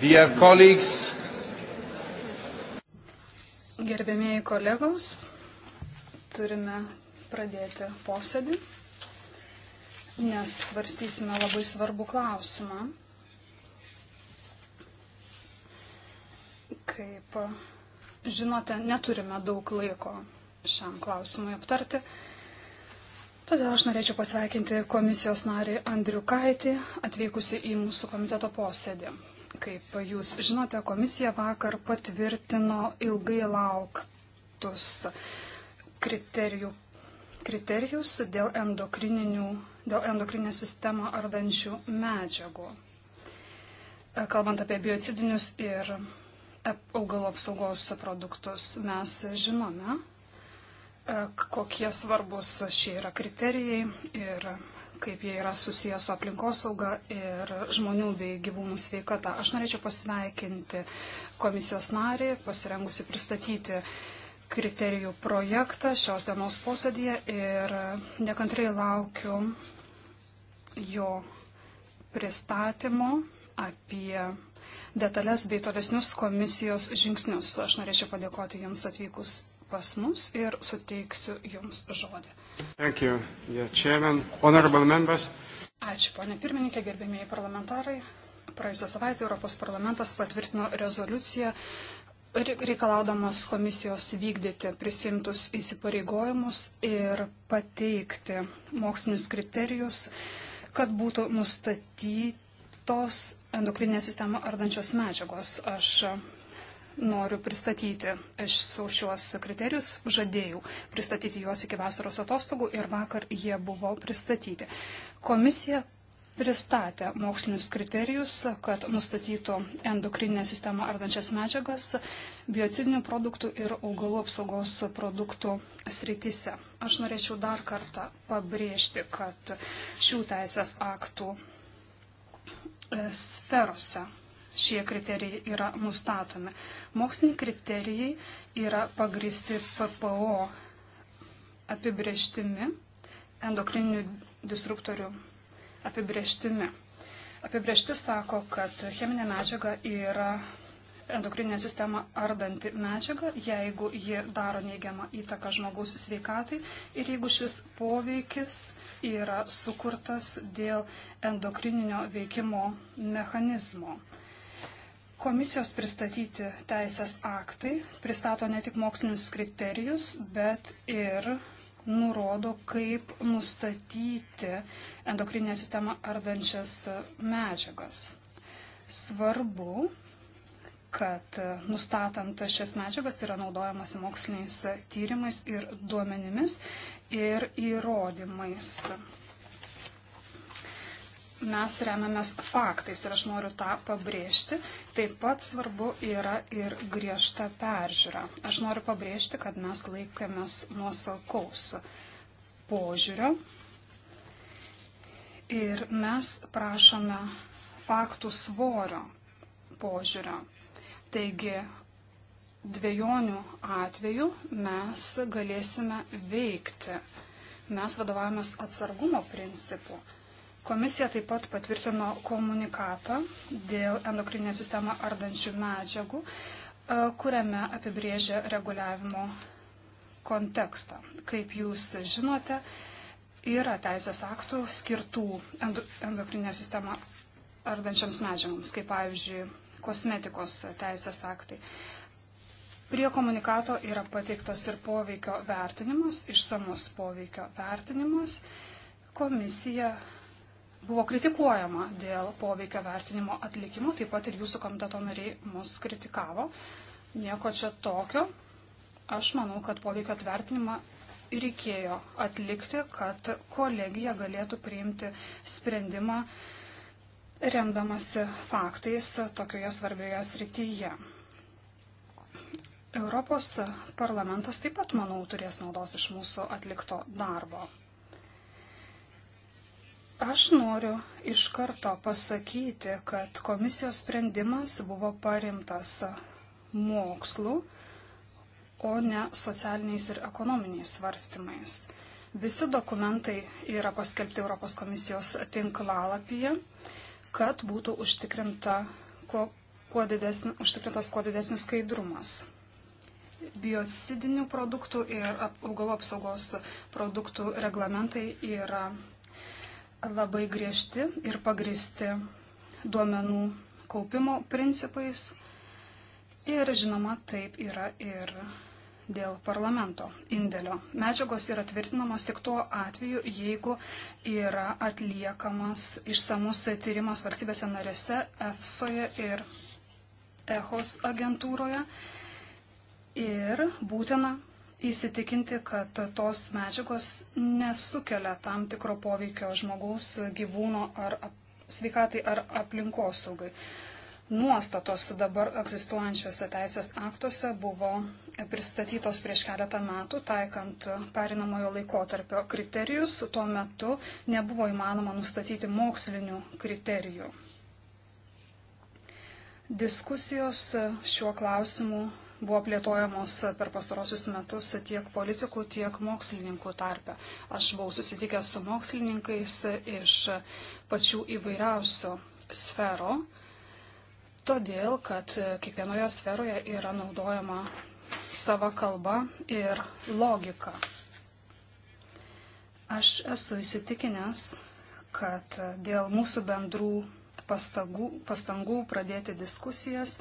Dear colleagues. Gerbėmėjai kolegos, turime pradėti posėdį, nes svarstysime labai svarbų klausimą. Kaip žinote, neturime daug laiko šiam klausimui aptarti. Todėl aš norėčiau pasveikinti komisijos narį Andriu Kaitį, atvykusi į mūsų komiteto posėdį. Kaip jūs žinote, komisija vakar patvirtino ilgai lauktus kriterijų, kriterijus dėl, dėl endokrininę sistemą ardančių medžiagų. Kalbant apie biocidinius ir augalų apsaugos produktus, mes žinome, kokie svarbus šie yra kriterijai ir kaip jie yra susijęs su aplinkosauga ir žmonių bei gyvūnų sveikata. Aš norėčiau pasveikinti komisijos narį, pasirengusi pristatyti kriterijų projektą šios dienos posėdėje ir nekantrai laukiu jo pristatymo apie detalės bei tolesnius komisijos žingsnius. Aš norėčiau padėkoti Jums atvykus pas mus ir suteiksiu Jums žodį. Thank you, yeah, chairman, honorable members. Ačiū, ponė pirmininkė, gerbėmėjai parlamentarai. Praėjusią savaitę Europos parlamentas patvirtino rezoliuciją reikalaudamas komisijos vykdyti prisimtus įsipareigojimus ir pateikti mokslinius kriterijus, kad būtų nustatytos endokrinę sistemą ardančios medžiagos. Aš noriu pristatyti su šiuos kriterijus, žadėjau pristatyti juos iki vasaros atostogų ir vakar jie buvo pristatyti. Komisija pristatė mokslinius kriterijus, kad nustatytų endokrininę sistemą ardančias medžiagas biocidinių produktų ir augalų apsaugos produktų srityse. Aš norėčiau dar kartą pabrėžti, kad šių teisės aktų e, sferose šie kriterijai yra nustatomi. Moksliniai kriterijai yra pagristi PPO apibrieštimi, endokrininių disruptorių apibrieštimi. Apibriešti sako, kad cheminė medžiaga yra endokrininę sistemą ardanti medžiaga, jeigu ji daro neigiamą įtaką žmogaus sveikatai ir jeigu šis poveikis yra sukurtas dėl endokrininio veikimo mechanizmo. Komisijos pristatyti teisės aktai pristato ne tik mokslinius kriterijus, bet ir nurodo, kaip nustatyti endokrininę sistemą ardančias medžiagas. Svarbu, kad nustatant šias medžiagas yra naudojamasi moksliniais tyrimais ir duomenimis ir įrodymais mes remiamės faktais ir aš noriu tą pabrėžti. Taip pat svarbu yra ir griežta peržiūra. Aš noriu pabrėžti, kad mes laikėmės nuosakaus požiūrio ir mes prašome faktų svorio požiūrio. Taigi, dviejonių atveju mes galėsime veikti. Mes vadovavomės atsargumo principu Komisija taip pat patvirtino komunikatą dėl endokrininę sistemą ardančių medžiagų, e, kuriame apibrėžia reguliavimo kontekstą. Kaip jūs žinote, yra teisės aktų skirtų endokrininę sistemą ardančiams medžiagoms, kaip pavyzdžiui, kosmetikos teisės aktai. Prie komunikato yra pateiktas ir poveikio vertinimas, išsamus poveikio vertinimas. Komisija buvo kritikuojama dėl poveikio vertinimo atlikimo, taip pat ir jūsų komiteto nariai mus kritikavo. Nieko čia tokio. Aš manau, kad poveikio atvertinimą reikėjo atlikti, kad kolegija galėtų priimti sprendimą remdamasi faktais tokioje svarbioje srityje. Europos parlamentas taip pat, manau, turės naudos iš mūsų atlikto darbo. Aš noriu iš karto pasakyti, kad komisijos sprendimas buvo paremtas mokslu, o ne socialiniais ir ekonominiais svarstymais. Visi dokumentai yra paskelbti Europos komisijos tinklalapyje, kad būtų užtikrinta, kuo, kuo didesni, užtikrintas kuo didesnis skaidrumas biocidinių produktų ir augalų apsaugos produktų reglamentai yra labai griežti ir pagristi duomenų kaupimo principais. Ir žinoma, taip yra ir dėl parlamento indėlio. Medžiagos yra tvirtinamos tik tuo atveju, jeigu yra atliekamas išsamus tyrimas valstybėse narėse, EFSOje ir EHOS agentūroje. Ir būtina įsitikinti, kad tos medžiagos nesukelia tam tikro poveikio žmogaus, gyvūno ar sveikatai ar aplinkosaugai. Nuostatos dabar egzistuojančiuose teisės aktuose buvo pristatytos prieš keletą metų, taikant perinamojo laikotarpio kriterijus. Tuo metu nebuvo įmanoma nustatyti mokslinių kriterijų. Diskusijos šiuo klausimu buvo plėtojamos per pastarosius metus tiek politikų, tiek mokslininkų tarpe. Aš buvau susitikęs su mokslininkais iš pačių įvairiausių sferų, todėl kad kiekvienoje sferoje yra naudojama sava kalba ir logika. Aš esu įsitikinęs, kad dėl mūsų bendrų pastagų, pastangų pradėti diskusijas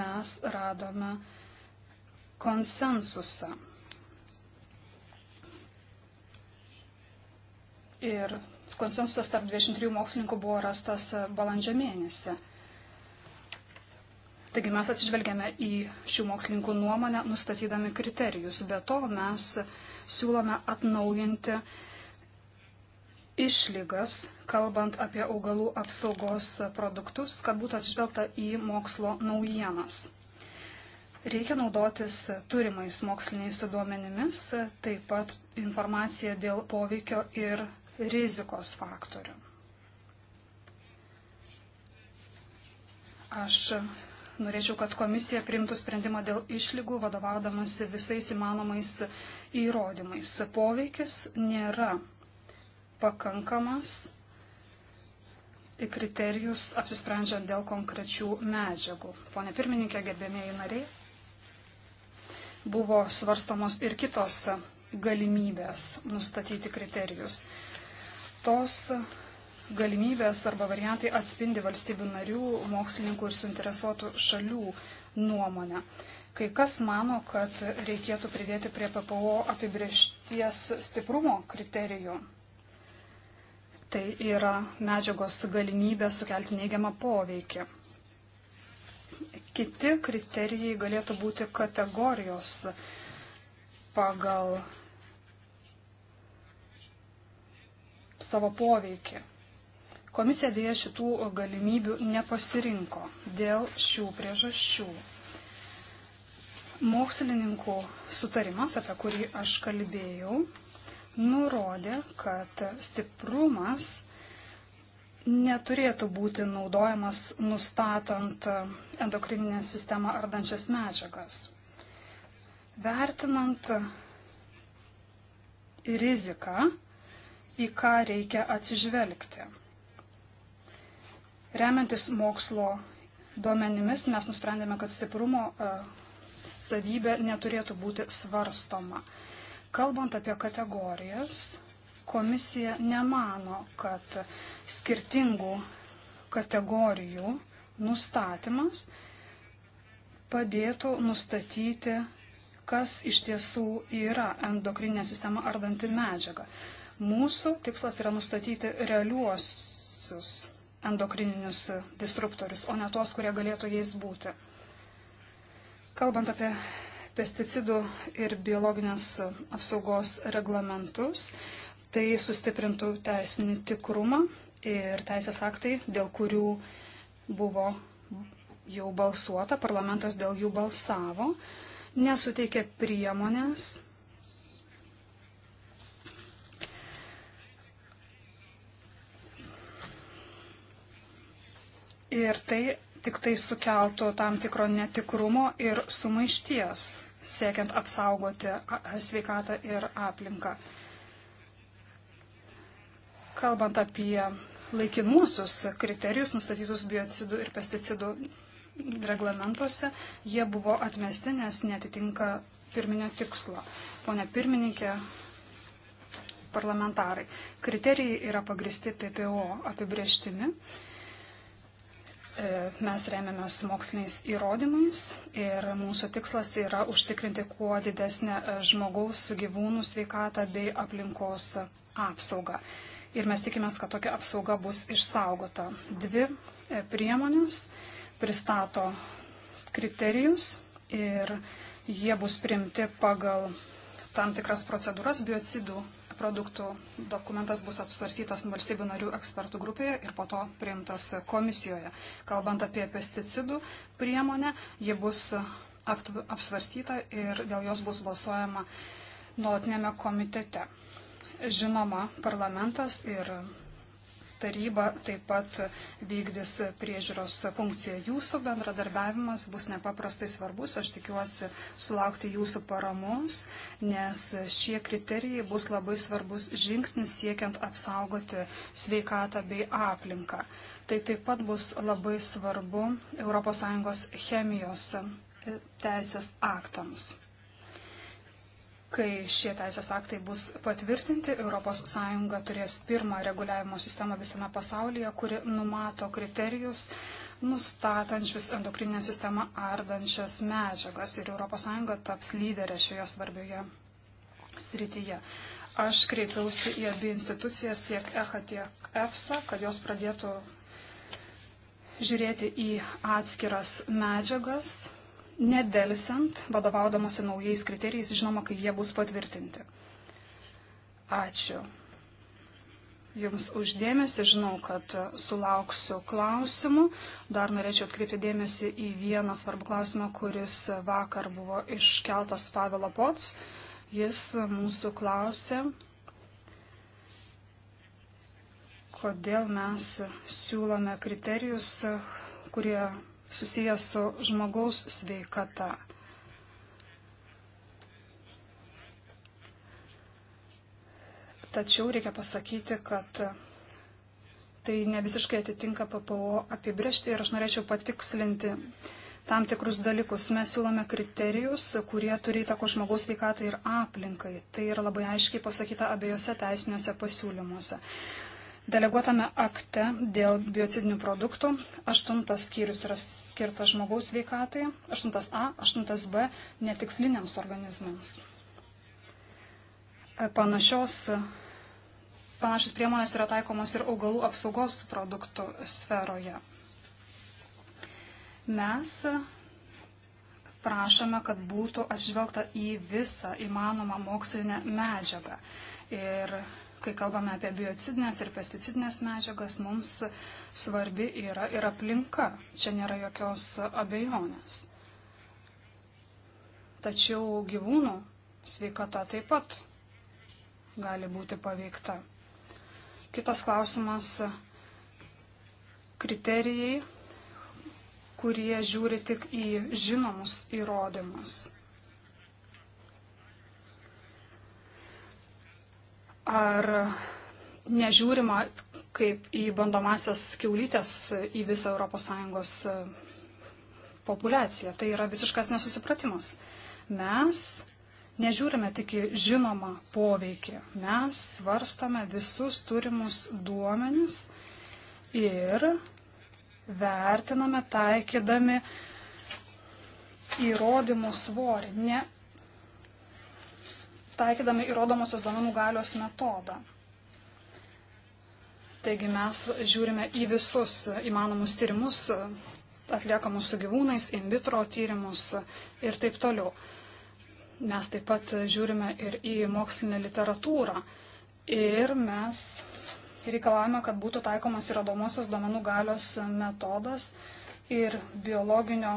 mes radome konsensusą. Ir konsensusas tarp 23 mokslininkų buvo rastas balandžio mėnesį. Taigi mes atsižvelgiame į šių mokslininkų nuomonę, nustatydami kriterijus. Be to mes siūlome atnaujinti išlygas, kalbant apie augalų apsaugos produktus, kad būtų atsižvelgta į mokslo naujienas. Reikia naudotis turimais moksliniais duomenimis, taip pat informacija dėl poveikio ir rizikos faktorių. Aš norėčiau, kad komisija priimtų sprendimą dėl išlygų, vadovaudamasi visais įmanomais įrodymais. Poveikis nėra pakankamas kriterijus apsisprendžiant dėl konkrečių medžiagų. Pone pirmininkė, gerbėmėjai nariai, buvo svarstomos ir kitos galimybės nustatyti kriterijus. Tos galimybės arba variantai atspindi valstybių narių, mokslininkų ir suinteresuotų šalių nuomonę. Kai kas mano, kad reikėtų pridėti prie PPO apibriešties stiprumo kriterijų. Tai yra medžiagos galimybė sukelti neigiamą poveikį. Kiti kriterijai galėtų būti kategorijos pagal savo poveikį. Komisija dėja šitų galimybių nepasirinko dėl šių priežasčių. Mokslininkų sutarimas, apie kurį aš kalbėjau, nurodė, kad stiprumas neturėtų būti naudojamas nustatant endokrininę sistemą ardančias medžiagas. Vertinant riziką, į ką reikia atsižvelgti. Remiantis mokslo duomenimis, mes nusprendėme, kad stiprumo e, savybė neturėtų būti svarstoma. Kalbant apie kategorijas, Komisija nemano, kad skirtingų kategorijų nustatymas padėtų nustatyti, kas iš tiesų yra endokrininė sistema ardanti medžiaga. Mūsų tikslas yra nustatyti realiuosius endokrininius disruptorius, o ne tuos, kurie galėtų jais būti. Kalbant apie pesticidų ir biologinės apsaugos reglamentus, Tai sustiprintų teisinį tikrumą ir teisės aktai, dėl kurių buvo jau balsuota, parlamentas dėl jų balsavo, nesuteikė priemonės Ir tai tik tai sukeltų tam tikro netikrumo ir sumaišties, siekiant apsaugoti sveikatą ir aplinką. Kalbant apie laikinuosius kriterijus nustatytus biocidų ir pesticidų reglamentuose, jie buvo atmesti, nes netitinka pirminio tikslo. Pone pirmininkė, parlamentarai, kriterijai yra pagristi PPO apibrieštimi. E, mes remiamės moksliniais įrodymais ir mūsų tikslas yra užtikrinti kuo didesnę žmogaus gyvūnų sveikatą bei aplinkos apsaugą ir mes tikimės, kad tokia apsauga bus išsaugota. Dvi e, priemonės pristato kriterijus ir jie bus primti pagal tam tikras procedūras biocidų produktų dokumentas bus apsvarstytas valstybių narių ekspertų grupėje ir po to priimtas komisijoje. Kalbant apie pesticidų priemonę, ji bus apsvarstyta ir dėl jos bus balsuojama nuolatinėme komitete. Žinoma, parlamentas ir taryba taip pat vykdys priežiūros funkciją. Jūsų bendradarbiavimas bus nepaprastai svarbus. Aš tikiuosi sulaukti jūsų paramos, nes šie kriterijai bus labai svarbus žingsnis siekiant apsaugoti sveikatą bei aplinką. Tai taip pat bus labai svarbu ES chemijos teisės aktams. Kai šie teisės aktai bus patvirtinti, ES turės pirmą reguliavimo sistemą visame pasaulyje, kuri numato kriterijus nustatančius endokrininę sistemą ardančias medžiagas ir ES taps lyderė šioje svarbioje srityje. Aš kreipiausi į abi institucijas, tiek EHA, tiek EFSA, kad jos pradėtų žiūrėti į atskiras medžiagas nedelsant, vadovaudamosi naujais kriterijais, žinoma, kai jie bus patvirtinti. Ačiū. Jums uždėmesi, žinau, kad sulauksiu klausimų. Dar norėčiau atkreipti dėmesį į vieną svarbų klausimą, kuris vakar buvo iškeltas Pavelo Pots. Jis mūsų klausė, kodėl mes siūlome kriterijus, kurie susijęs su žmogaus sveikata. Tačiau reikia pasakyti, kad tai ne visiškai atitinka PPO apibriežti ir aš norėčiau patikslinti tam tikrus dalykus. Mes siūlome kriterijus, kurie turi įtako žmogaus veikatai ir aplinkai. Tai yra labai aiškiai pasakyta abiejose teisiniuose pasiūlymuose. Deleguotame akte dėl biocidinių produktų 8 skyrius yra skirtas žmogaus veikatai, 8a, 8b netiksliniams organizmams. Panašios, panašios priemonės yra taikomos ir augalų apsaugos produktų sferoje. Mes prašome, kad būtų atsižvelgta į visą įmanomą mokslinę medžiagą. Ir kai kalbame apie biocidinės ir pesticidinės medžiagas, mums svarbi yra ir aplinka. Čia nėra jokios abejonės. Tačiau gyvūnų sveikata taip pat gali būti paveikta. Kitas klausimas - kriterijai, kurie žiūri tik į žinomus įrodymus. Ar nežiūrima kaip į bandomasias kiaulytės į visą ES e, populiaciją. Tai yra visiškas nesusipratimas. Mes nežiūrime tik į žinomą poveikį. Mes svarstome visus turimus duomenis ir vertiname taikydami įrodymų svorį. Ne taikydami įrodomosios duomenų galios metodą. Taigi mes žiūrime į visus įmanomus tyrimus, atliekamus su gyvūnais, in vitro tyrimus ir taip toliau. Mes taip pat žiūrime ir į mokslinę literatūrą ir mes reikalavome, kad būtų taikomas įrodomosios duomenų galios metodas ir biologinio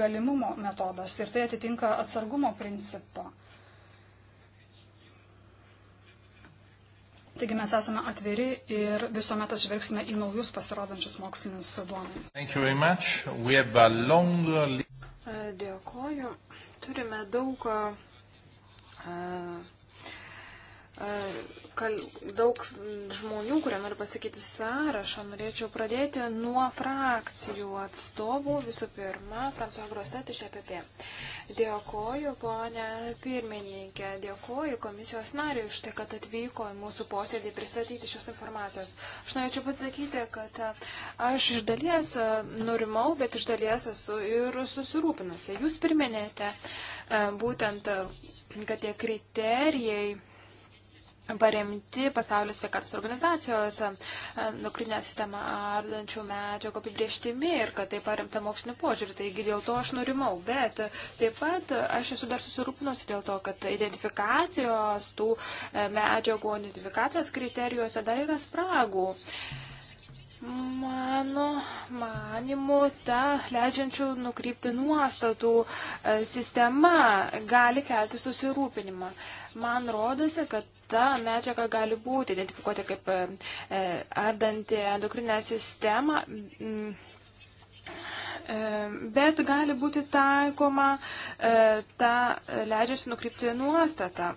galimumo metodas. Ir tai atitinka atsargumo principą. Taigi mes esame atviri ir visuomet atsižvelgsime į naujus pasirodančius mokslinius duomenis. Long... Dėkoju. Turime daug uh, uh, kal, daug žmonių, kurie nori pasakyti sąrašą. Norėčiau pradėti nuo frakcijų atstovų. Visų pirma, Fransuo Grostet iš EPP. Dėkoju, ponė pirmininkė, dėkoju komisijos nariui už tai, kad atvyko į mūsų posėdį pristatyti šios informacijos. Aš norėčiau pasakyti, kad e, aš iš dalies e, nurimau, bet iš dalies esu ir susirūpinusi. Jūs priminėte e, būtent, kad tie kriterijai paremti pasaulio sveikatos organizacijos e, nukrinę sistemą ardančių medžiagų apibrieštimi ir kad tai paremta mokslinio požiūrį. Taigi dėl to aš nurimau. Bet taip pat aš esu dar susirūpinusi dėl to, kad identifikacijos tų e, medžiagų, identifikacijos kriterijuose dar yra spragų. Mano manimu, ta leidžiančių nukrypti nuostatų e, sistema gali kelti susirūpinimą. Man rodosi, kad ta medžiaga gali būti identifikuoti kaip e, e, ardanti endokrinę sistemą e, bet gali būti taikoma ta leidžiasi nukrypti nuostata.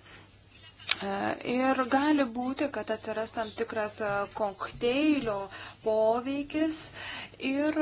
Ir gali būti, kad atsiras tam tikras kokteilio poveikis ir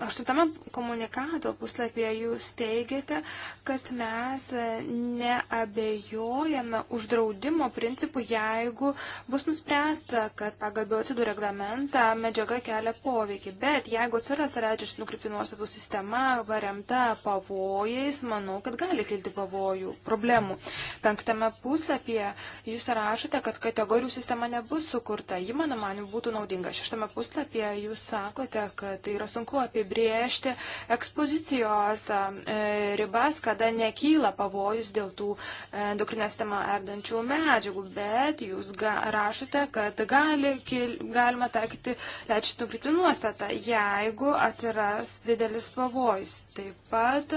aštuntame komunikato puslapyje jūs teigiate, kad mes neabejojame uždraudimo principų, jeigu bus nuspręsta, kad pagal biocidų reglamentą medžiaga kelia poveikį. Bet jeigu atsiras leidžiančių nukrypti nuostatų sistema paremta pavojais, manau, kad gali kilti pavojų problemų. Penktame puslapyje jūs rašote, kad kategorijų sistema nebus sukurta. Ji, mano manimu, būtų naudinga. Šeštame puslapyje jūs sakote, kad tai yra sunku sunku apibriežti ekspozicijos e, ribas, kada nekyla pavojus dėl tų e, endokrinę sistemą ardančių medžiagų, bet jūs ga, rašote, kad gali, kil, galima taikyti lečitinų kryptį nuostatą, jeigu atsiras didelis pavojus. Taip pat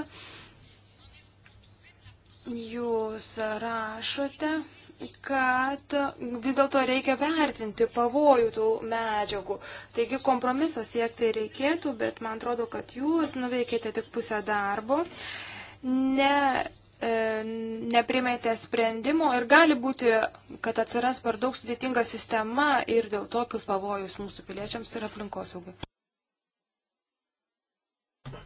jūs rašote kad vis dėlto reikia vertinti pavojų tų medžiagų. Taigi kompromiso siekti reikėtų, bet man atrodo, kad jūs nuveikėte tik pusę darbo, ne, e, neprimėte sprendimo ir gali būti, kad atsiras per daug sudėtinga sistema ir dėl tokius pavojus mūsų piliečiams ir aplinkosaugai.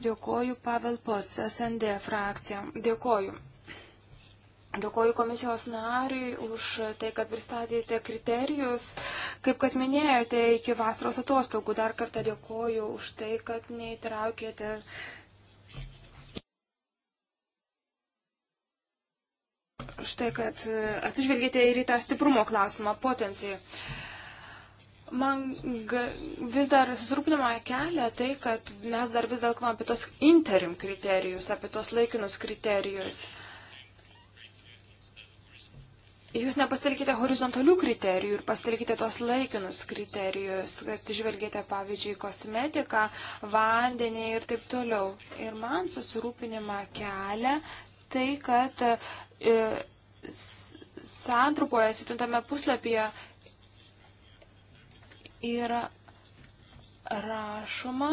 Dėkoju Pavel Pots, SND frakcija. Dėkoju. Dėkoju komisijos nariui už tai, kad pristatėte kriterijus. Kaip kad minėjote, iki vasaros atostogų dar kartą dėkoju už tai, kad neįtraukėte. Štai, kad atsižvelgėte ir į tą stiprumo klausimą, potencijai. Man vis dar susirūpinimą kelia tai, kad mes dar vis dar kalbame apie tos interim kriterijus, apie tos laikinus kriterijus. Uh, Jūs nepasitelkite horizontalių kriterijų ir pasitelkite tos laikinus kriterijus, atsižvelgėte pavyzdžiui kosmetiką, vandenį ir taip toliau. Ir man susirūpinimą kelia tai, kad e, santrupoje, septintame puslapyje yra rašoma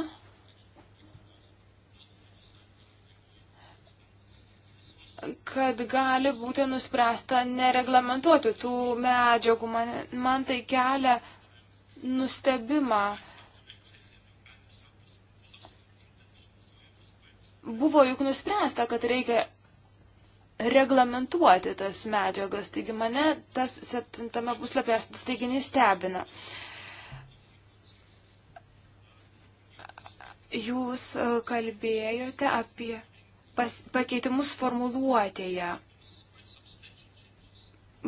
kad gali būti nuspręsta nereglamentuoti tų medžiagų. Man, man tai kelia nustebimą. Buvo juk nuspręsta, kad reikia reglamentuoti tas medžiagas, taigi mane tas septintame puslapyje tas teiginys stebina. Jūs e, kalbėjote apie pas, pakeitimus formuluotėje.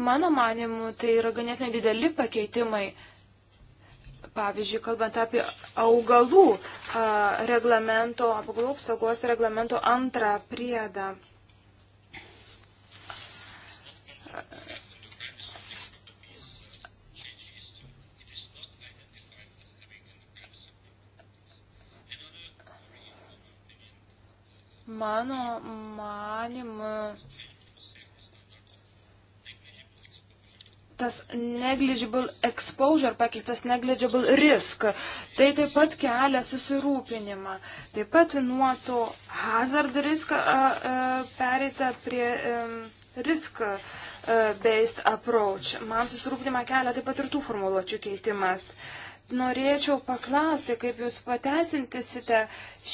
Mano manimu, tai yra ganėtinai dideli pakeitimai. Pavyzdžiui, kalbant apie augalų a, reglamento, augalų apsaugos reglamento antrą priedą. Mano manimu, tas negligible exposure pakeistas negligible risk. Tai taip pat kelia susirūpinimą. Taip pat nuo to hazard risk pereita prie risk based approach. Man susirūpinimą kelia taip pat ir tų formuluočių keitimas. Uh, norėčiau paklausti, kaip jūs pateisintisite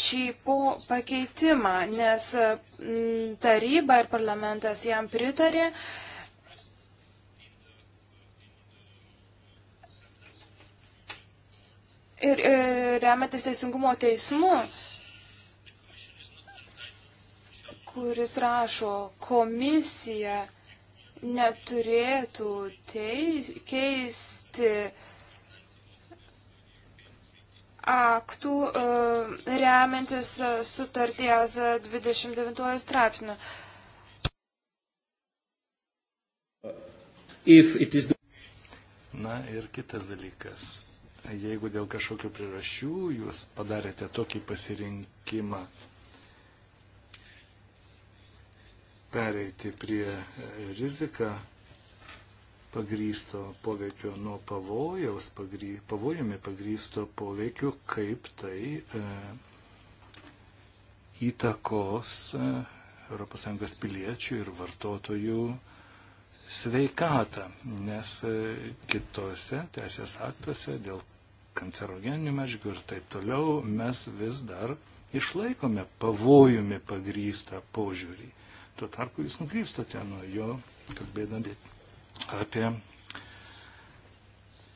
šį po pakeitimą, nes mm, taryba ir parlamentas jam pritarė. Ir, ir e, remiantis teisingumo teismu, kuris rašo, komisija neturėtų teis, keisti uh, aktų e, remiantis e, sutarties 29 straipsniu. Is... Na ir kitas dalykas. Jeigu dėl kažkokių priežasčių jūs padarėte tokį pasirinkimą pereiti prie e, riziką pagrysto poveikio nuo pavojaus, pagry, pavojumi pagrysto poveikio, kaip tai e, įtakos e, ES piliečių ir vartotojų sveikatą, nes e, kitose teisės aktuose dėl kancerogeninių medžiagų ir taip toliau mes vis dar išlaikome pavojumi pagrystą požiūrį. Tuo tarpu jūs nukrypstate nuo jo, kalbėdami apie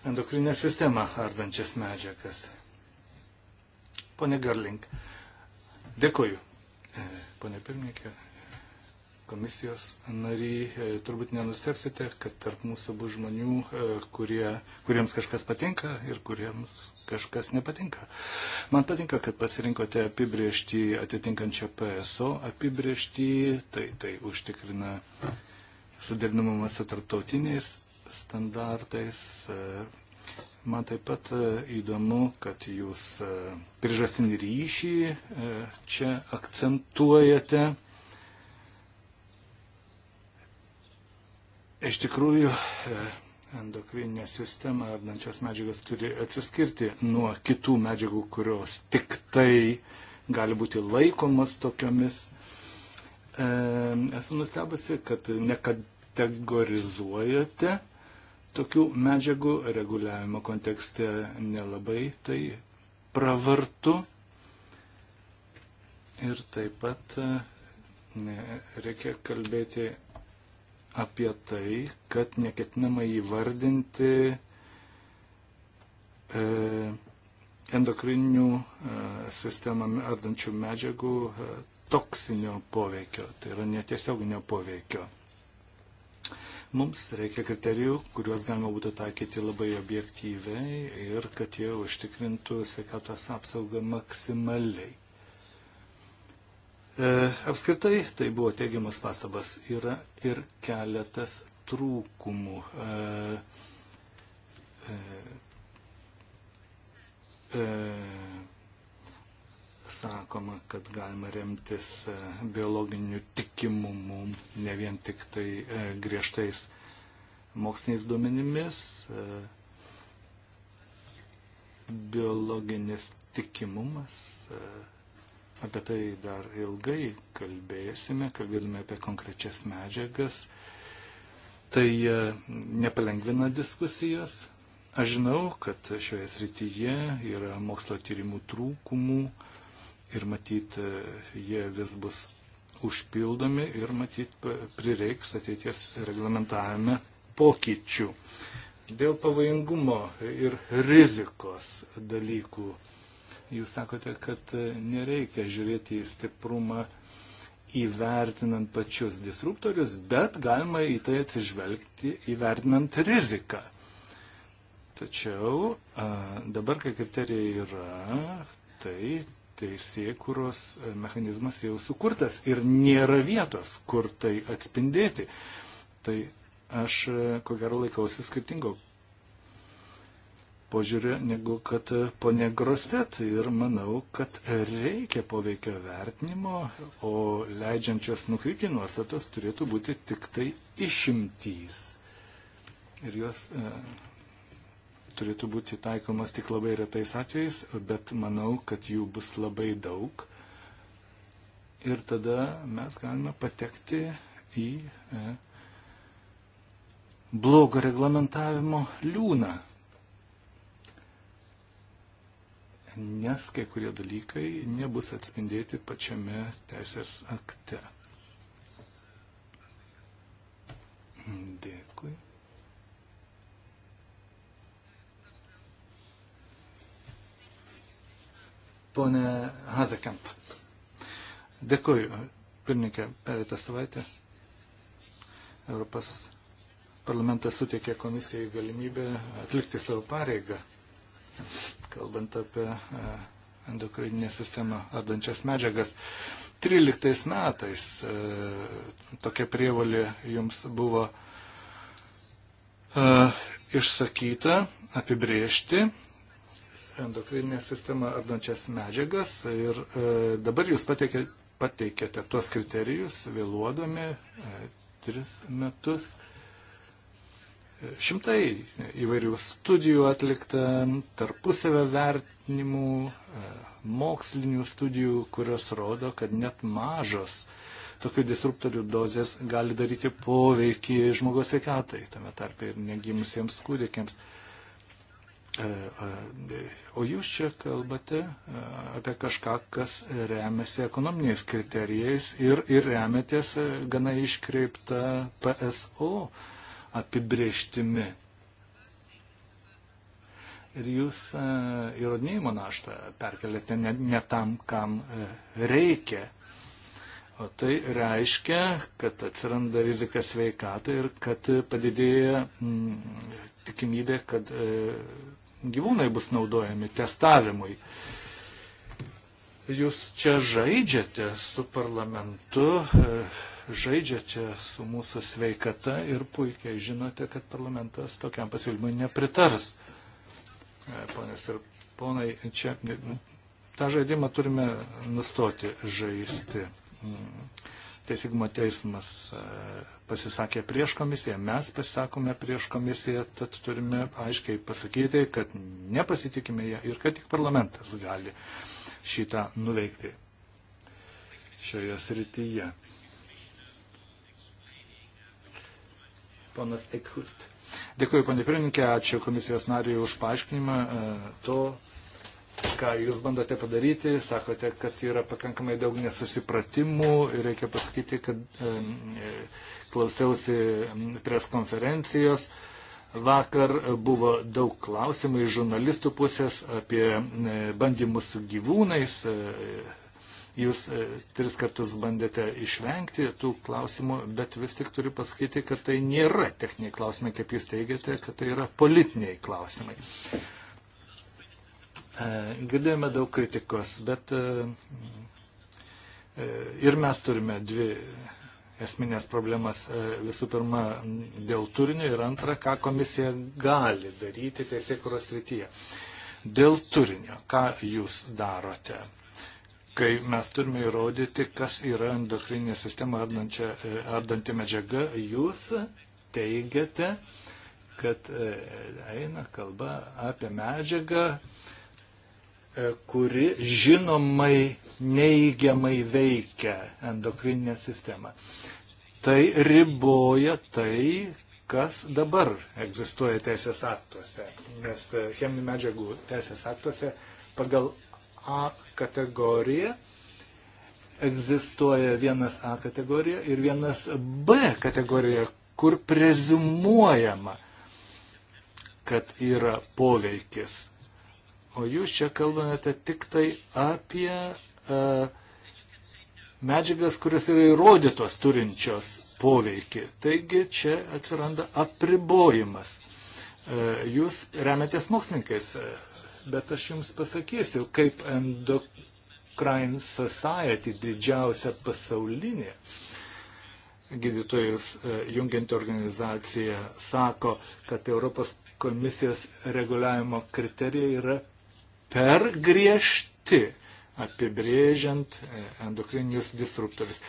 endokrinę sistemą ardančias medžiagas. Pone Garling, dėkoju. E, pone pirmininkė, komisijos nariai, e, turbūt nenustepsite, kad tarp mūsų bus žmonių, e, kurie, kuriems kažkas patinka ir kuriems kažkas nepatinka. Man patinka, kad pasirinkote apibriežtį atitinkančią PSO apibriežtį, tai tai užtikrina uh, suderinamumą su tarptautiniais standartais. E, man taip pat e, įdomu, kad jūs e, priežastinį ryšį čia akcentuojate. Iš tikrųjų, endokrininę sistemą ardančios medžiagas turi atsiskirti nuo kitų medžiagų, kurios tik tai gali būti laikomas tokiomis. E, esu nustebusi, kad nekad, kategorizuojate tokių medžiagų reguliavimo kontekste nelabai tai pravartu. Ir taip pat e, ne, reikia kalbėti apie tai, kad neketinama įvardinti e, endokrininių e, sistemą ardančių medžiagų e, toksinio poveikio, tai yra netiesioginio poveikio. Mums reikia kriterijų, kuriuos galima būtų taikyti labai objektyviai ir kad jie užtikrintų sveikatos apsaugą maksimaliai. E, apskritai, tai buvo teigiamas pastabas, yra ir keletas trūkumų. E, e, e, sakoma, kad galima remtis e, biologiniu tikimumu, ne vien tik tai e, griežtais moksliniais duomenimis. E, biologinis tikimumas, apie tai dar ilgai kalbėsime, kalbėdami apie konkrečias medžiagas. Tai nepalengvina diskusijas, Aš žinau, kad šioje srityje yra mokslo tyrimų trūkumų, ir matyt, e, jie vis bus užpildomi ir matyt prireiks ateities reglamentavime pokyčių. Dėl pavojingumo ir rizikos dalykų. Jūs sakote, kad e, nereikia žiūrėti į stiprumą įvertinant pačius disruptorius, bet galima į tai atsižvelgti įvertinant riziką. Tačiau a, dabar, kai kriterijai yra, tai teisėkuros e, mechanizmas jau sukurtas ir nėra vietos, kur tai atspindėti. Tai aš e, ko gero laikausi skirtingo požiūrio negu kad e, ponė Grostet ir manau, kad reikia poveikio vertinimo, o leidžiančios nukrypti nuostatos turėtų būti tik tai išimtys. Ir jos turėtų būti taikomas tik labai retais atvejais, bet manau, kad jų bus labai daug. Ir tada mes galime patekti į e, blogo reglamentavimo liūną. Nes kai kurie dalykai nebus atspindėti pačiame teisės akte. Dėkui. Pone Hazekamp. Dėkuoju, pirmininkė, pereitą savaitę Europos parlamentas suteikė komisijai galimybę atlikti savo pareigą, kalbant apie e, endokrininę sistemą ardančias medžiagas. 13 metais e, tokia prievalė jums buvo e, išsakyta apibriežti endokrininę sistemą ardančias medžiagas ir e, dabar jūs pateikė, pateikėte tuos kriterijus vėluodami e, tris metus. E, šimtai įvairių studijų atlikta, tarpusavio vertinimų, e, mokslinių studijų, kurios rodo, kad net mažos tokių disruptorių dozės gali daryti poveikį žmogaus sveikatai, tame tarpe ir negimusiems kūdikiams. E, E, e, o jūs čia kalbate e, apie kažką, kas remiasi ekonominiais kriterijais ir, ir remiatės gana iškreipta PSO apibrieštimi. Ir jūs įrodinėjimo naštą perkeliate ne, ne tam, kam reikia. O tai reiškia, kad atsiranda rizika sveikatai ir kad padidėja tikimybė, kad gyvūnai bus naudojami testavimui. Jūs čia žaidžiate su parlamentu, e, žaidžiate su mūsų sveikata ir puikiai žinote, kad parlamentas tokiam pasiūlymui nepritars. E, Ponės ir ponai, čia nu, tą žaidimą turime nustoti žaisti. Mm. Teisingumo teismas e, pasisakė prieš komisiją, mes pasisakome prieš komisiją, tad turime aiškiai pasakyti, kad nepasitikime ją ir kad tik parlamentas gali šitą nuveikti šioje srityje. Ponas Ekhult. Dėkuoju, panė pirmininkė, ačiū komisijos nariui už paaiškinimą e, to, ką jūs bandote padaryti. Sakote, kad yra pakankamai daug nesusipratimų ir reikia pasakyti, kad e, klausiausi preskonferencijos. Vakar buvo daug klausimų iš žurnalistų pusės apie e, bandymus su gyvūnais. E, jūs e, tris kartus bandėte išvengti tų klausimų, bet vis tik turiu pasakyti, kad tai nėra techniniai klausimai, kaip jūs teigiate, kad tai yra politiniai klausimai. Girdėjome daug kritikos, bet ir mes turime dvi esminės problemas e, visų pirma dėl turinio ir antra, ką komisija gali daryti teisėkuros srityje. Dėl turinio, ką jūs darote, kai mes turime įrodyti, kas yra endokrininė sistema e, ardanti medžiaga, jūs teigiate, kad e, eina kalba apie medžiagą, E, kuri žinomai neigiamai veikia endokrininę sistemą. Tai riboja tai, kas dabar egzistuoja teisės aktuose, nes e, cheminių medžiagų teisės aktuose pagal A kategoriją egzistuoja vienas A kategorija ir vienas B kategorija, kur prezumuojama, kad yra poveikis o jūs čia kalbate tik tai apie uh, medžiagas, kurios yra įrodytos turinčios poveikį. Taigi čia atsiranda apribojimas. Uh, jūs remiatės mokslininkais, e, bet aš jums pasakysiu, kaip Endocrine Society didžiausia pasaulinė gydytojus jungianti organizacija sako, kad Europos komisijos reguliavimo kriterijai yra per griežti apibrėžiant e, endokrinius disruptorius.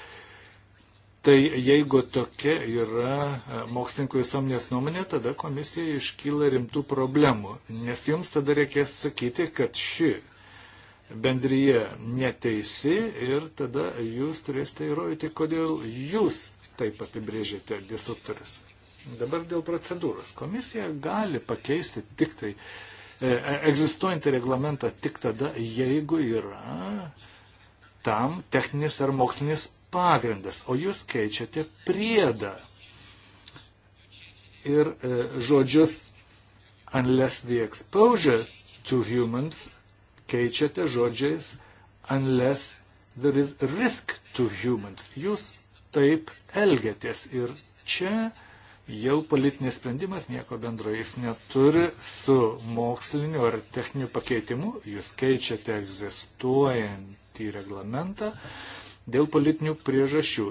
Tai jeigu tokia yra e, mokslininkų visuomenės nuomonė, tada komisija iškyla rimtų problemų, nes jums tada reikės sakyti, kad ši bendryje neteisi ir tada jūs turėsite įrodyti, kodėl jūs taip apibrėžėte disruptorius. Dabar dėl procedūros. Komisija gali pakeisti tik tai uh, E, egzistuojantį reglamentą tik tada, jeigu yra tam techninis ar mokslinis pagrindas, o jūs keičiate priedą. Ir e, žodžius unless the exposure to humans keičiate žodžiais unless there is risk to humans. Jūs taip elgiatės ir čia jau politinis sprendimas nieko bendro jis neturi su moksliniu ar techniniu pakeitimu. Jūs keičiate egzistuojantį reglamentą dėl politinių priežasčių.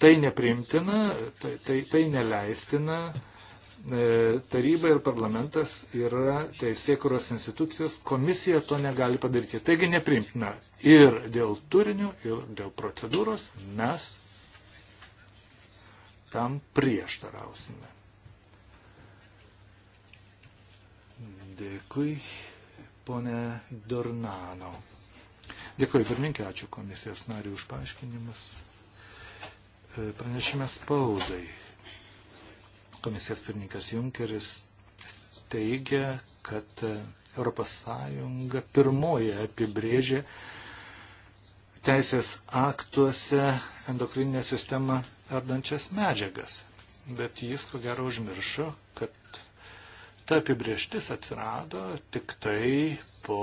Tai nepriimtina, tai, tai, tai neleistina e, taryba ir parlamentas yra teisėkuros institucijos, komisija to negali padaryti. Taigi neprimtina ir dėl turinio, ir dėl procedūros mes tam prieštarausime. Dėkui, ponė Dornano. Dėkui, pirmininkė, ačiū komisijos nariui už paaiškinimus. E, pranešime spaudai. Komisijos pirmininkas Junkeris teigia, kad ES pirmoji apibrėžė teisės aktuose endokrininę sistemą ardančias medžiagas. Bet jis, ko gero, užmiršo, kad ta apibrieštis atsirado tik tai po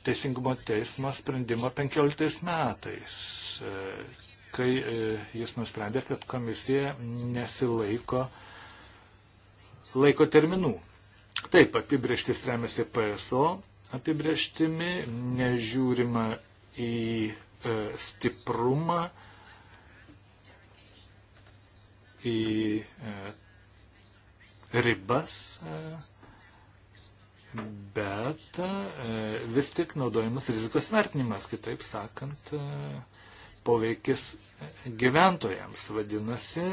Teisingumo teismo sprendimo 15 metais, e, kai e, jis nusprendė, kad komisija nesilaiko laiko terminų. Taip, apibrieštis remiasi PSO apibrieštimi, nežiūrima į e, stiprumą, į e, ribas, e, bet vis tik naudojamas rizikos vertinimas, kitaip sakant, poveikis gyventojams. Vadinasi,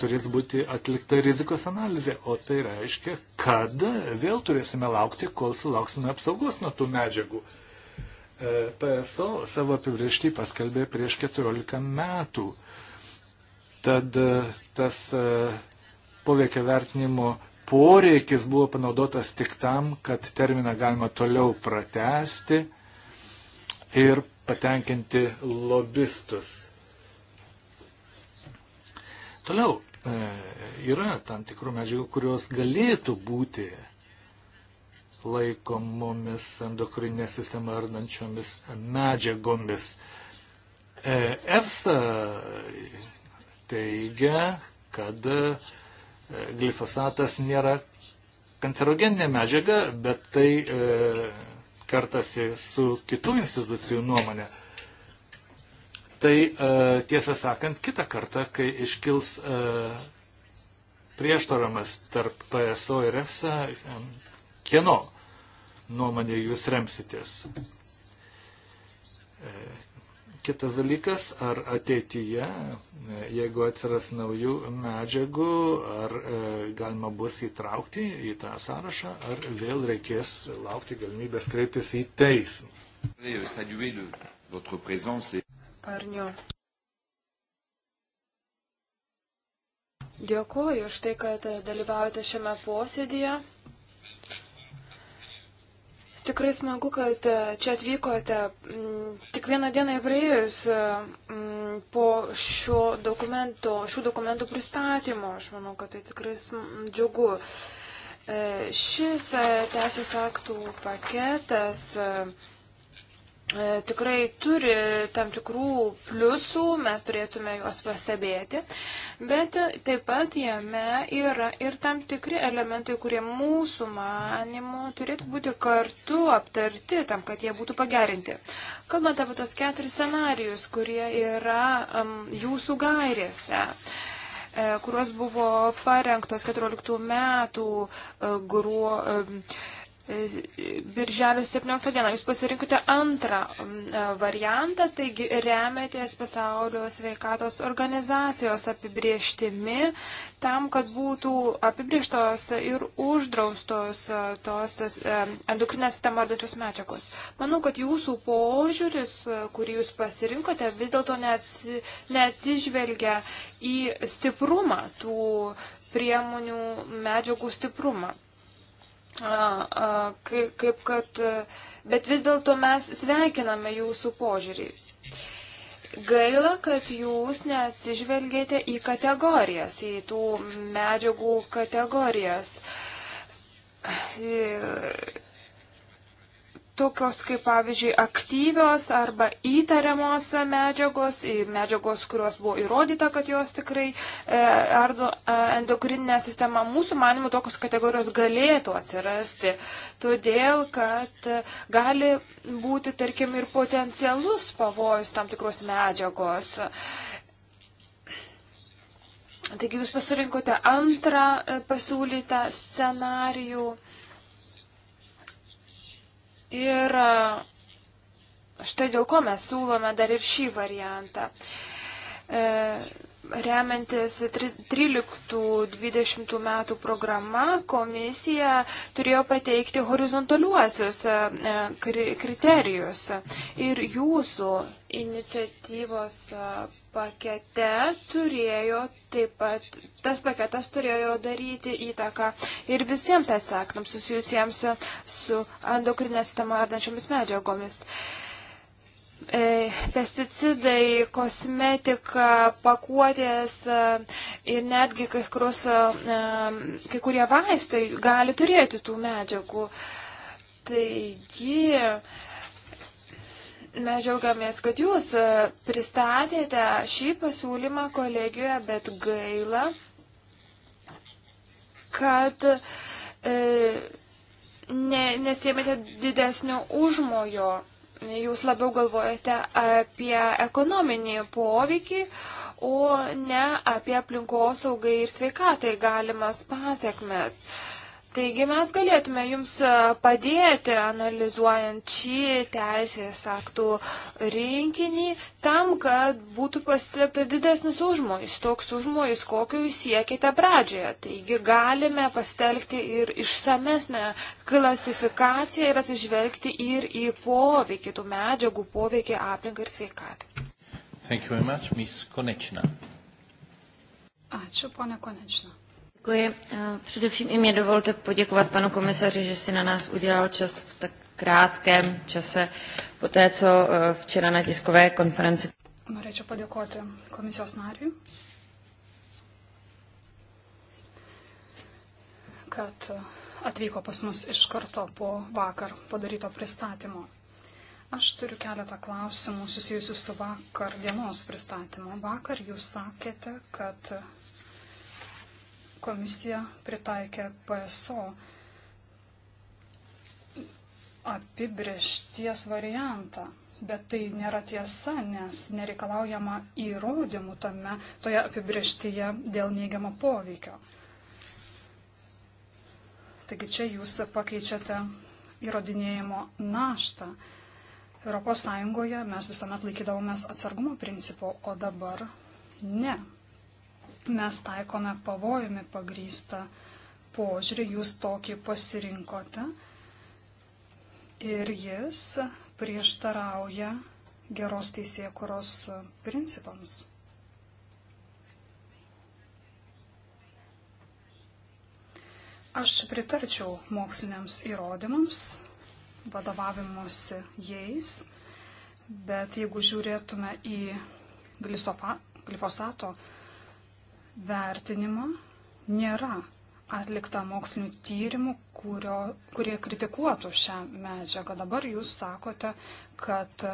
turės būti atlikta rizikos analizė, o tai reiškia, kad vėl turėsime laukti, kol sulauksime apsaugos nuo tų medžiagų. E, PSO savo apibriežtį paskelbė prieš 14 metų. Tad e, tas e, poveikio vertinimo poreikis buvo panaudotas tik tam, kad terminą galima toliau pratesti ir patenkinti lobistus. Toliau, E, yra tam tikrų medžiagų, kurios galėtų būti laikomomis endokrininę sistemą ardančiomis medžiagomis. E, EFSA teigia, kad e, glifosatas nėra kancerogeninė medžiaga, bet tai e, kartasi su kitų institucijų nuomonė. E, Tai e, tiesą sakant, kitą kartą, kai iškils e, prieštaramas tarp PSO ir EFSA, kieno nuomonė jūs remsitės? E, kitas dalykas, ar ateityje, jeigu atsiras naujų medžiagų, ar galima bus įtraukti į tą sąrašą, ar vėl reikės laukti galimybės kreiptis į teismą. Parnio. Dėkuoju už tai, kad dalyvaujate šiame posėdėje. Tikrai smagu, kad čia atvykote mm, tik vieną dieną įpraėjus mm, po šio dokumento, šių dokumentų pristatymo. Aš manau, kad tai tikrai džiugu. E, šis e, teisės aktų paketas e, E, tikrai turi tam tikrų pliusų, mes turėtume juos pastebėti, bet taip pat jame yra ir tam tikri elementai, kurie mūsų manimo turėtų būti kartu aptarti tam, kad jie būtų pagerinti. Kalbant apie tos keturis scenarius, kurie yra um, jūsų gairėse e, kurios buvo parengtos 14 metų e, gruo, Birželio 17 dieną. Jūs pasirinkote antrą e, variantą, taigi remetės pasaulio sveikatos organizacijos apibrieštimi tam, kad būtų apibrieštos ir uždraustos e, tos e, endokrinės sistemą ardančios medžiagos. Manau, kad jūsų požiūris, kurį jūs pasirinkote, vis dėlto neatsi, neatsižvelgia į stiprumą tų priemonių medžiagų stiprumą kaip kad, e, bet vis dėlto mes sveikiname jūsų požiūrį. Gaila, kad jūs neatsižvelgėte į kategorijas, į tų medžiagų kategorijas. Ir e, tokios kaip pavyzdžiui aktyvios arba įtariamos medžiagos, medžiagos, kurios buvo įrodyta, kad jos tikrai e, ardo e, endokrininę sistemą. Mūsų manimų tokios kategorijos galėtų atsirasti, todėl kad e, gali būti, tarkim, ir potencialus pavojus tam tikros medžiagos. Taigi jūs pasirinkote antrą pasiūlytą scenarijų. Ir e, štai dėl ko mes siūlome dar ir šį variantą. E, remiantis 13-20 metų programa, komisija turėjo pateikti horizontaliuosius e, e, kriterijus. Ir jūsų iniciatyvos pakete turėjo taip pat, tas paketas turėjo daryti įtaką ir visiems tais aktams susijusiems su endokrinė sistema ardančiomis medžiagomis. E, pesticidai, kosmetika, pakuotės e, ir netgi kai, kurus, e, kai kurie vaistai gali turėti tų medžiagų. Taigi, Mes džiaugiamės, kad jūs e, pristatėte šį pasiūlymą kolegijoje, bet gaila, kad e, ne, nesėmėte didesnio užmojo. Jūs labiau galvojate apie ekonominį poveikį, o ne apie aplinkosaugai ir sveikatai galimas pasiekmes. E, Taigi mes galėtume jums e, padėti analizuojant šį teisės aktų rinkinį tam, kad būtų pasitekta didesnis užmojus, toks užmojus, kokiu jūs siekite pradžioje. Taigi galime pasitelkti ir išsamesnę klasifikaciją ir atsižvelgti ir į poveikį tų medžiagų, poveikį aplinkai ir sveikatai. Ačiū, ponia Konečina. Děkuji. Eh, především i mě dovolte poděkovat panu komisaři, že si na nás udělal čas v tak krátkém čase po té, co eh, včera na tiskové konferenci. Norėčiau padėkoti eh, komisijos nariui, kad atvyko pas mus iš karto po vakar padaryto pristatymo. Aš turiu keletą klausimų susijusių su vakar dienos pristatymu. Vakar jūs sakėte, kad komisija pritaikė PSO apibriešties variantą. Bet tai nėra tiesa, nes nereikalaujama įrodymų tame, toje apibrieštyje dėl neigiamo poveikio. Taigi čia jūs pakeičiate įrodinėjimo naštą. ES mes visuomet laikydavomės atsargumo principo, o dabar ne mes taikome pavojumi pagrystą požiūrį, jūs tokį pasirinkote ir jis prieštarauja geros teisėkuros principams. Aš pritarčiau moksliniams įrodymams, vadovavimuose jais, bet jeigu žiūrėtume į glisopa, glifosato vertinimo nėra atlikta mokslinių tyrimų, kurio, kurie kritikuotų šią medžiagą. Dabar jūs sakote, kad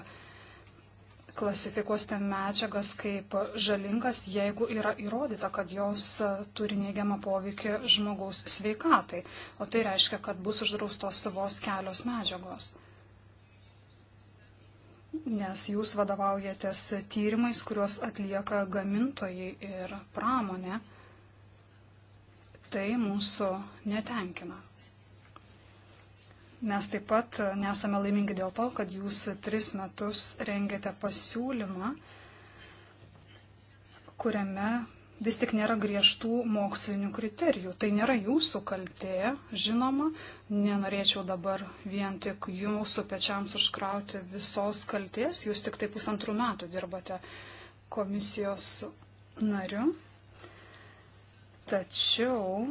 klasifikuosite medžiagas kaip žalingas, jeigu yra įrodyta, kad jos turi neigiamą poveikį žmogaus sveikatai. O tai reiškia, kad bus uždraustos vos kelios medžiagos nes jūs vadovaujatės tyrimais, kuriuos atlieka gamintojai ir pramonė. Tai mūsų netenkina. Mes taip pat nesame laimingi dėl to, kad jūs tris metus rengėte pasiūlymą, kuriame vis tik nėra griežtų mokslinių kriterijų. Tai nėra jūsų kaltė, žinoma, nenorėčiau dabar vien tik jūsų pečiams užkrauti visos kalties, jūs tik tai pusantrų metų dirbate komisijos nariu. Tačiau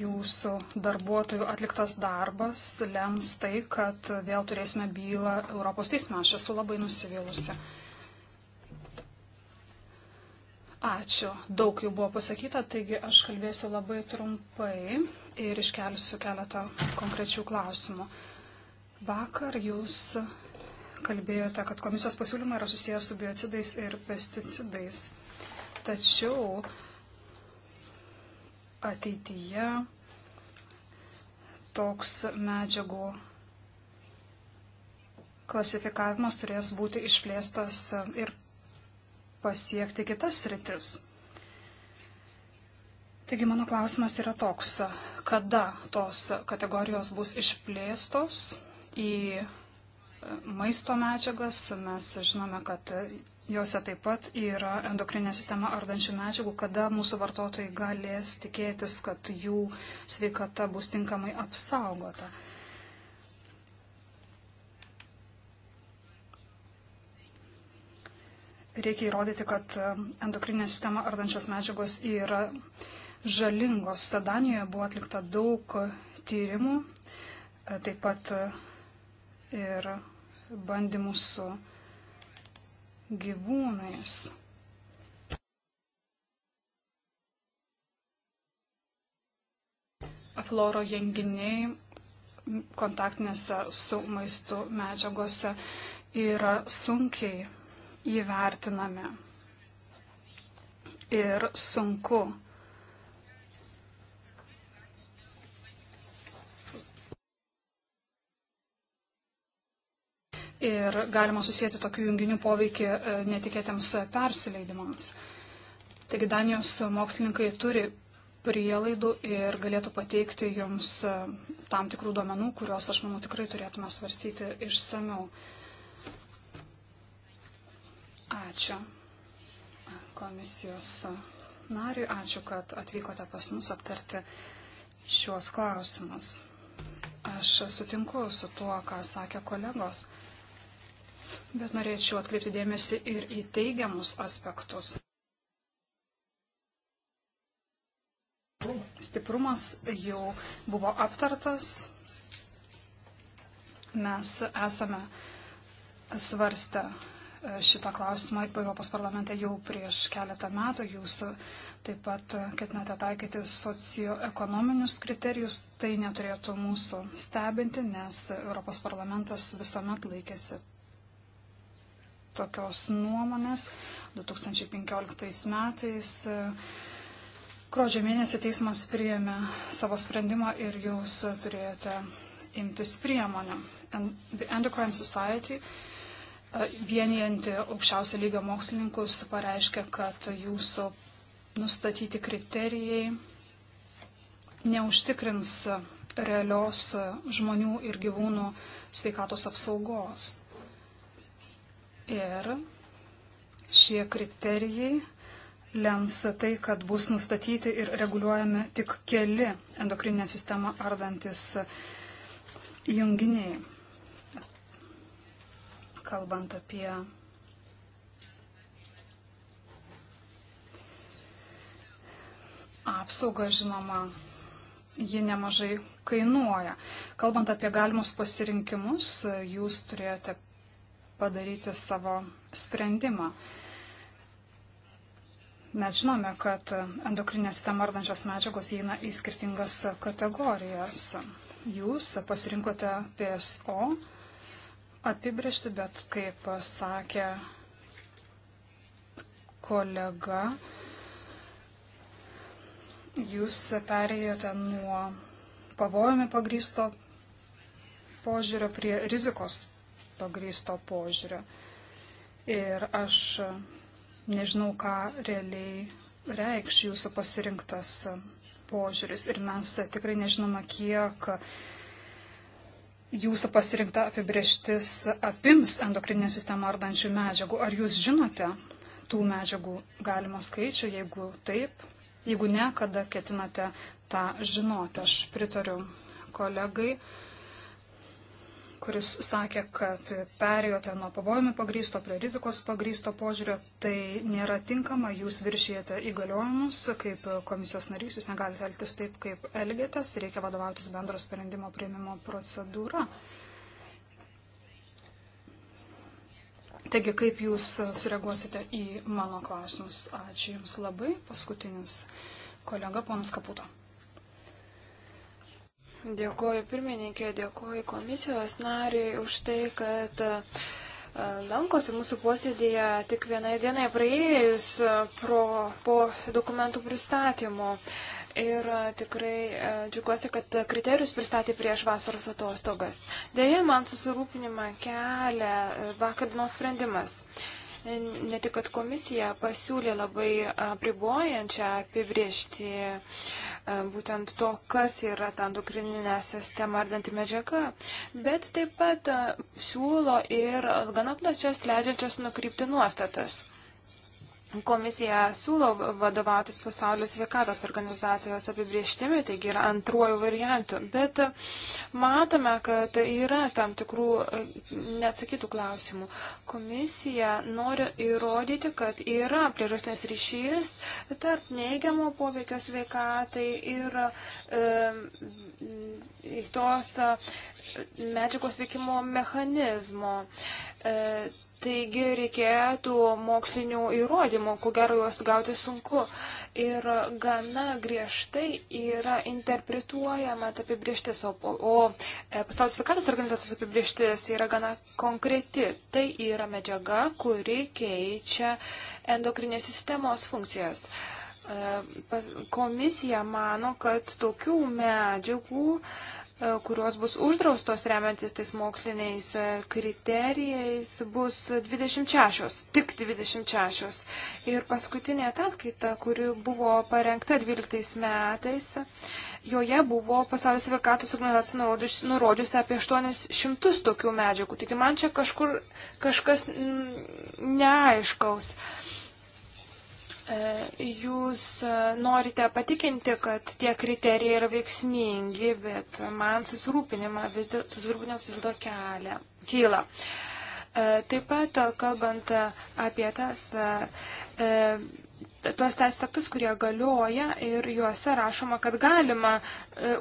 jūsų darbuotojų atliktas darbas lems tai, kad vėl turėsime bylą Europos teisme. Aš esu labai nusivylusi. Ačiū. Daug jau buvo pasakyta, taigi aš kalbėsiu labai trumpai ir iškelsiu keletą konkrečių klausimų. Vakar jūs kalbėjote, kad komisijos pasiūlymai yra susijęs su biocidais ir pesticidais. Tačiau ateityje toks medžiagų klasifikavimas turės būti išplėstas ir pasiekti kitas sritis. Taigi mano klausimas yra toks, kada tos kategorijos bus išplėstos į maisto medžiagas. Mes žinome, kad Jose taip pat yra endokrinė sistema ardančių medžiagų, kada mūsų vartotojai galės tikėtis, kad jų sveikata bus tinkamai apsaugota. Reikia įrodyti, kad endokrinė sistema ardančios medžiagos yra žalingos. Danijoje buvo atlikta daug tyrimų, taip pat ir bandymų su gyvūnais. Floro junginiai kontaktinėse su maistu medžiagose yra sunkiai įvertinami ir sunku ir galima susijęti tokių junginių poveikį e, netikėtiems persileidimams. Taigi Danijos mokslininkai turi prielaidų ir galėtų pateikti jums e, tam tikrų duomenų, kuriuos, aš manau, tikrai turėtume svarstyti išsameu. Ačiū e, komisijos nariui, ačiū, kad atvykote pas mus aptarti šiuos klausimus. Aš sutinku su tuo, ką sakė kolegos bet norėčiau atkreipti dėmesį ir į teigiamus aspektus. Stiprumas jau buvo aptartas. Mes esame svarstę šitą klausimą Europos parlamente jau prieš keletą metų. Jūs taip pat ketinate taikyti socioekonominius kriterijus. Tai neturėtų mūsų stebinti, nes Europos parlamentas visuomet laikėsi tokios nuomonės. 2015 metais e, gruodžio mėnesį teismas priėmė savo sprendimą ir jūs turėjote imtis priemonių. The Endocrine Society e, vienijanti aukščiausio lygio mokslininkus pareiškia, kad jūsų nustatyti kriterijai neužtikrins realios žmonių ir gyvūnų sveikatos apsaugos. Ir šie kriterijai lems tai, kad bus nustatyti ir reguliuojami tik keli endokrininę sistemą ardantis junginiai. Kalbant apie apsaugą, žinoma, ji nemažai kainuoja. Kalbant apie galimus pasirinkimus, jūs turėjote padaryti savo sprendimą. Mes žinome, kad endokrinė sistema ardančios medžiagos įeina į skirtingas kategorijas. Jūs pasirinkote PSO apibriežti, bet kaip sakė kolega, jūs perėjote nuo pavojami pagrysto požiūrio prie rizikos pagrysto požiūrio. Ir aš nežinau, ką realiai reikš jūsų pasirinktas požiūris. Ir mes tikrai nežinome, kiek jūsų pasirinkta apibrieštis apims endokrininę sistemą ardančių medžiagų. Ar jūs žinote tų medžiagų galimą skaičių? Jeigu taip, jeigu ne, kada ketinate tą žinoti? Aš pritariu kolegai kuris sakė, kad perėjote nuo pavojami pagrysto prie rizikos pagrysto požiūrio, tai nėra tinkama, jūs viršijate įgaliojimus, kaip komisijos narys, jūs negalite elgtis taip, kaip elgėtės, reikia vadovautis bendro sprendimo prieimimo procedūra. Taigi, kaip jūs sureaguosite į mano klausimus? Ačiū Jums labai. Paskutinis kolega, ponas Kaputo. Dėkuoju pirmininkė, dėkuoju komisijos nariui už tai, kad e, lankosi mūsų posėdėje tik vienai dienai praėjus e, pro, po dokumentų pristatymo. Ir e, tikrai džiuguosi, kad kriterijus pristatė prieš vasaros atostogas. Deja, man susirūpinimą kelia vakar dienos sprendimas. Uh, ne tik, kad komisija pasiūlė labai pribojančią apibriežti e, būtent to, kas yra ta endokrininė sistema ardanti medžiaga, bet taip pat e, siūlo ir gana plačias leidžiančias nukrypti nuostatas. Komisija siūlo vadovautis pasaulio sveikatos organizacijos apibrieštimi, taigi yra antruoju variantu, bet matome, kad yra tam tikrų e, neatsakytų klausimų. Komisija nori įrodyti, kad yra priežastinės ryšys tarp neigiamo poveikio sveikatai ir e, tos e, medžiagos veikimo mechanizmo. E, Taigi reikėtų mokslinių įrodymų, ko gero juos gauti sunku. Ir gana griežtai yra interpretuojama ta apibrieštis, o, o e, pasaulio sveikatos organizacijos apibrieštis yra gana konkreti. Tai yra medžiaga, kuri keičia endokrinės sistemos funkcijas. E, komisija mano, kad tokių medžiagų uh, E, kurios bus uždraustos remiantis tais moksliniais e, kriterijais, bus 26, tik 26. Ir paskutinė ataskaita, kuri buvo parengta 12 metais, joje buvo pasaulio sveikatos organizacija nurodžiusi apie 800 tokių medžiagų. Tik man čia kažkur kažkas neaiškaus. Uh, E, jūs e, norite patikinti, kad tie kriterijai yra veiksmingi, bet man susirūpinimą vis dėlto susirūpinimas vis dėlto kelia, kyla. E, taip pat, kalbant apie tas, tuos teisės aktus, kurie galioja ir juose rašoma, kad galima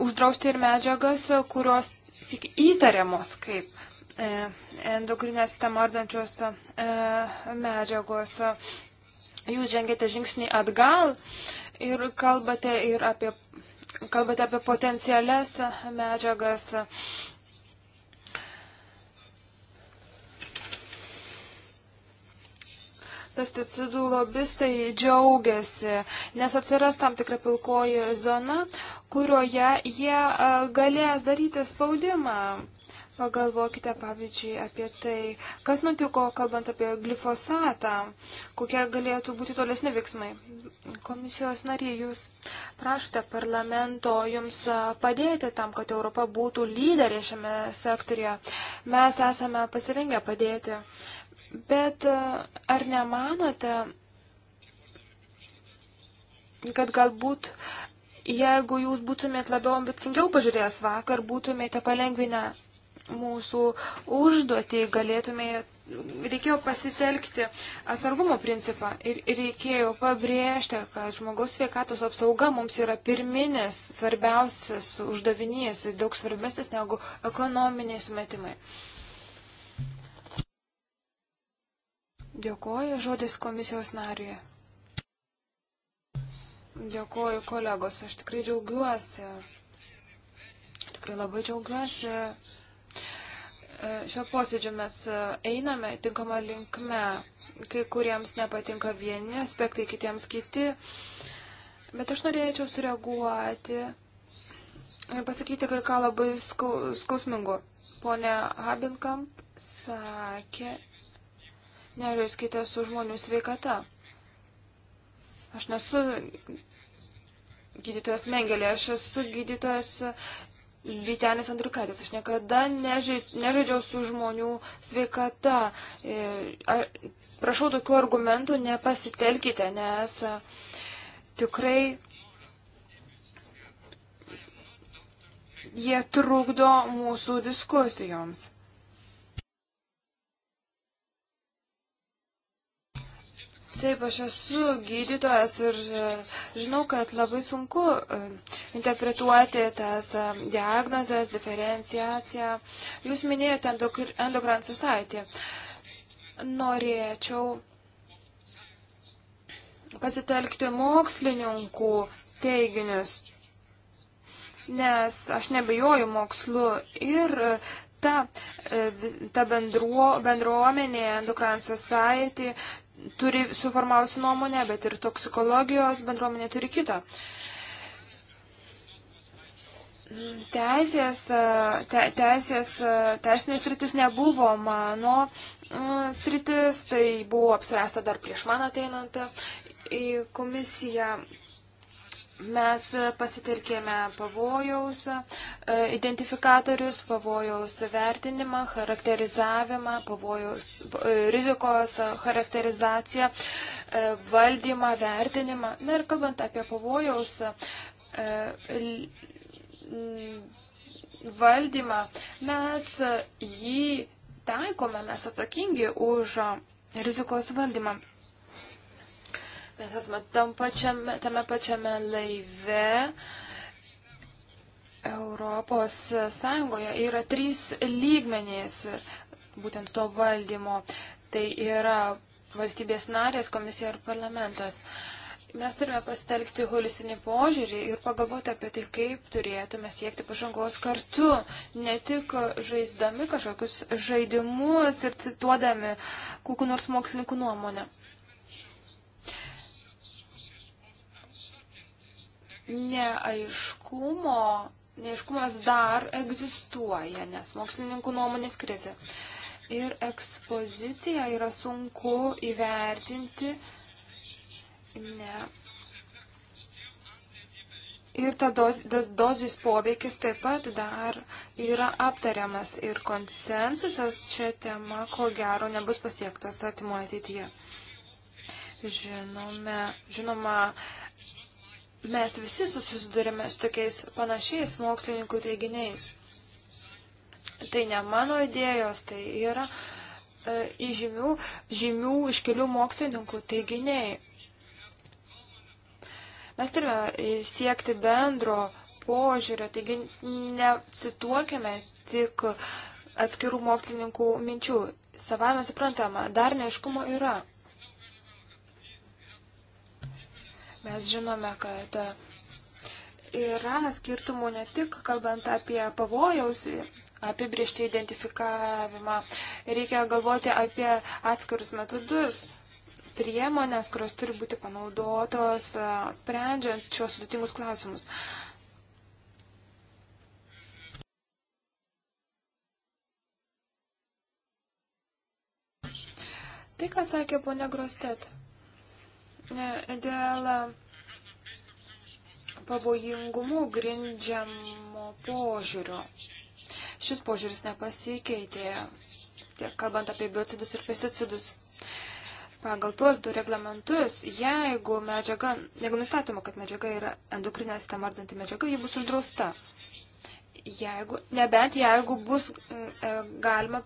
uždrausti ir medžiagas, kurios tik įtariamos kaip endokrinę sistemą ardančios medžiagos jūs žengėte žingsnį atgal ir kalbate ir apie, kalbate apie potencialias medžiagas. Pesticidų lobistai džiaugiasi, nes atsiras tam tikra pilkoji zona, kurioje jie galės daryti spaudimą Pagalvokite, pavyzdžiui, apie tai, kas nutiko, kalbant apie glifosatą, kokie galėtų būti tolesni veiksmai. Komisijos nariai, jūs prašote parlamento jums padėti tam, kad Europa būtų lyderė šiame sektorija. Mes esame pasirengę padėti. Bet ar nemanote, kad galbūt jeigu jūs būtumėt labiau ambicingiau pažiūrėjęs vakar, būtumėte palengvinę mūsų užduotį galėtume, reikėjo pasitelkti atsargumo principą ir reikėjo pabrėžti, kad žmogaus sveikatos apsauga mums yra pirminis, svarbiausias uždavinys, daug svarbesnis negu ekonominiai sumetimai. Dėkuoju žodis komisijos nariui. Dėkuoju kolegos, aš tikrai džiaugiuosi. Tikrai labai džiaugiuosi šio posėdžio mes e, einame tinkamą linkme. Kai kuriems nepatinka vieni aspektai, kitiems kiti. Bet aš norėčiau sureaguoti ir pasakyti kai ką labai skau, skausmingo. Pone Habinkamp sakė, nežaiskite su žmonių sveikata. Aš nesu gydytojas Mengelė, aš esu gydytojas Lytenis Andriukaitis. Aš niekada nežaidžiau su žmonių sveikata. E, prašau tokių argumentų nepasitelkite, nes e, tikrai jie trukdo mūsų diskusijoms. Taip, aš esu gydytojas ir e, žinau, kad labai sunku e, interpretuoti tas e, diagnozes, diferenciaciją. Jūs minėjote Endocrine Society. Norėčiau pasitelkti mokslininkų teiginius, nes aš nebejoju mokslu ir ta, ta bendruo, bendruomenė, Endocrine Society turi suformavusi nuomonę, bet ir toksikologijos bendruomenė turi kitą. Teisės, te, teisės, teisinės rytis nebuvo mano mm, sritis, tai buvo apsiresta dar prieš man ateinant į komisiją. Mes pasitelkėme pavojaus e, identifikatorius, pavojaus vertinimą, charakterizavimą, pavojaus e, rizikos charakterizaciją, e, valdymą, vertinimą. Na ir kalbant apie pavojaus valdymą, mes jį taikome, mes atsakingi už rizikos valdymą. Mes esame tam pačiame, tame pačiame laive. Europos Sąjungoje yra trys lygmenys būtent to valdymo. Tai yra valstybės narės, komisija ir parlamentas. Mes turime pasitelkti holistinį požiūrį ir pagalvoti apie tai, kaip turėtume siekti pažangos kartu, ne tik žaisdami kažkokius žaidimus ir cituodami kokiu nors mokslininku nuomonę. neaiškumo, neaiškumas dar egzistuoja, nes mokslininkų nuomonės krizė. Ir ekspoziciją yra sunku įvertinti. Ne. Ir ta doz, dozis poveikis taip pat dar yra aptariamas ir konsensusas šią temą, ko gero, nebus pasiektas atimo ateityje. Žinome, žinoma, Mes visi susidurime su tokiais panašiais mokslininkų teiginiais. Tai ne mano idėjos, tai yra e, įžymių, žymių iškelių mokslininkų teiginiai. Mes turime e, siekti bendro požiūrio, taigi necituokime tik atskirų mokslininkų minčių. Savame suprantama, dar neiškumo yra. Mes žinome, kad yra skirtumų ne tik kalbant apie pavojaus apibriežti identifikavimą. Reikia galvoti apie atskirus metodus, priemonės, kurios turi būti panaudotos, sprendžiant šios sudėtingus klausimus. Tai, ką sakė ponia Grostet dėl pavojingumu grindžiamo požiūrio. Šis požiūris nepasikeitė, tiek kalbant apie biocidus ir pesticidus. Pagal tuos du reglamentus, jeigu medžiaga, jeigu nustatoma, kad medžiaga yra endokrinę sistemą ardanti medžiaga, ji bus uždrausta. Jeigu, nebent jeigu bus mm, e, galima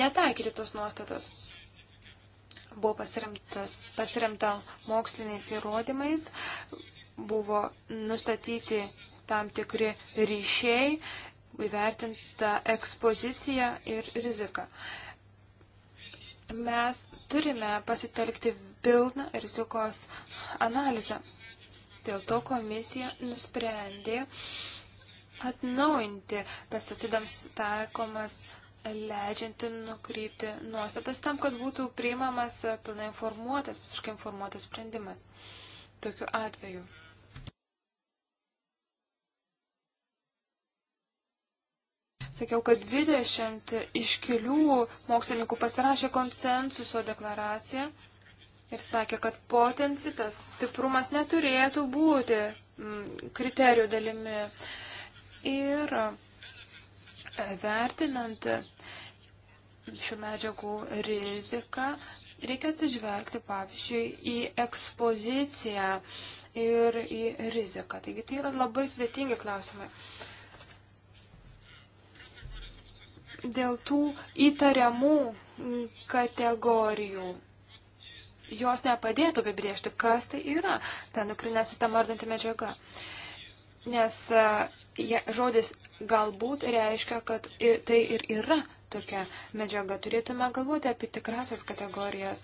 netaikyti tos nuostatos buvo pasiremta moksliniais įrodymais, buvo nustatyti tam tikri ryšiai, įvertinta ekspozicija ir rizika. Mes turime pasitelkti pilną rizikos analizę. Dėl to komisija nusprendė atnaujinti pesticidams taikomas leidžianti nukrypti nuostatas tam, kad būtų priimamas e, pilnai informuotas, visiškai informuotas sprendimas. Tokiu atveju. Sakiau, kad 20 iškilių mokslininkų pasirašė konsensuso deklaraciją ir sakė, kad potencitas stiprumas neturėtų būti mm, kriterijų dalimi. Ir Vertinant šių medžiagų riziką, reikia atsižvelgti, pavyzdžiui, į ekspoziciją ir į riziką. Taigi tai yra labai sudėtingi klausimai. Dėl tų įtariamų kategorijų. Jos nepadėtų apibriežti, kas tai yra ta nukrinė sistema ardanti medžiaga. Nes žodis galbūt reiškia, kad tai ir yra tokia medžiaga. Turėtume galvoti apie tikrasias kategorijas.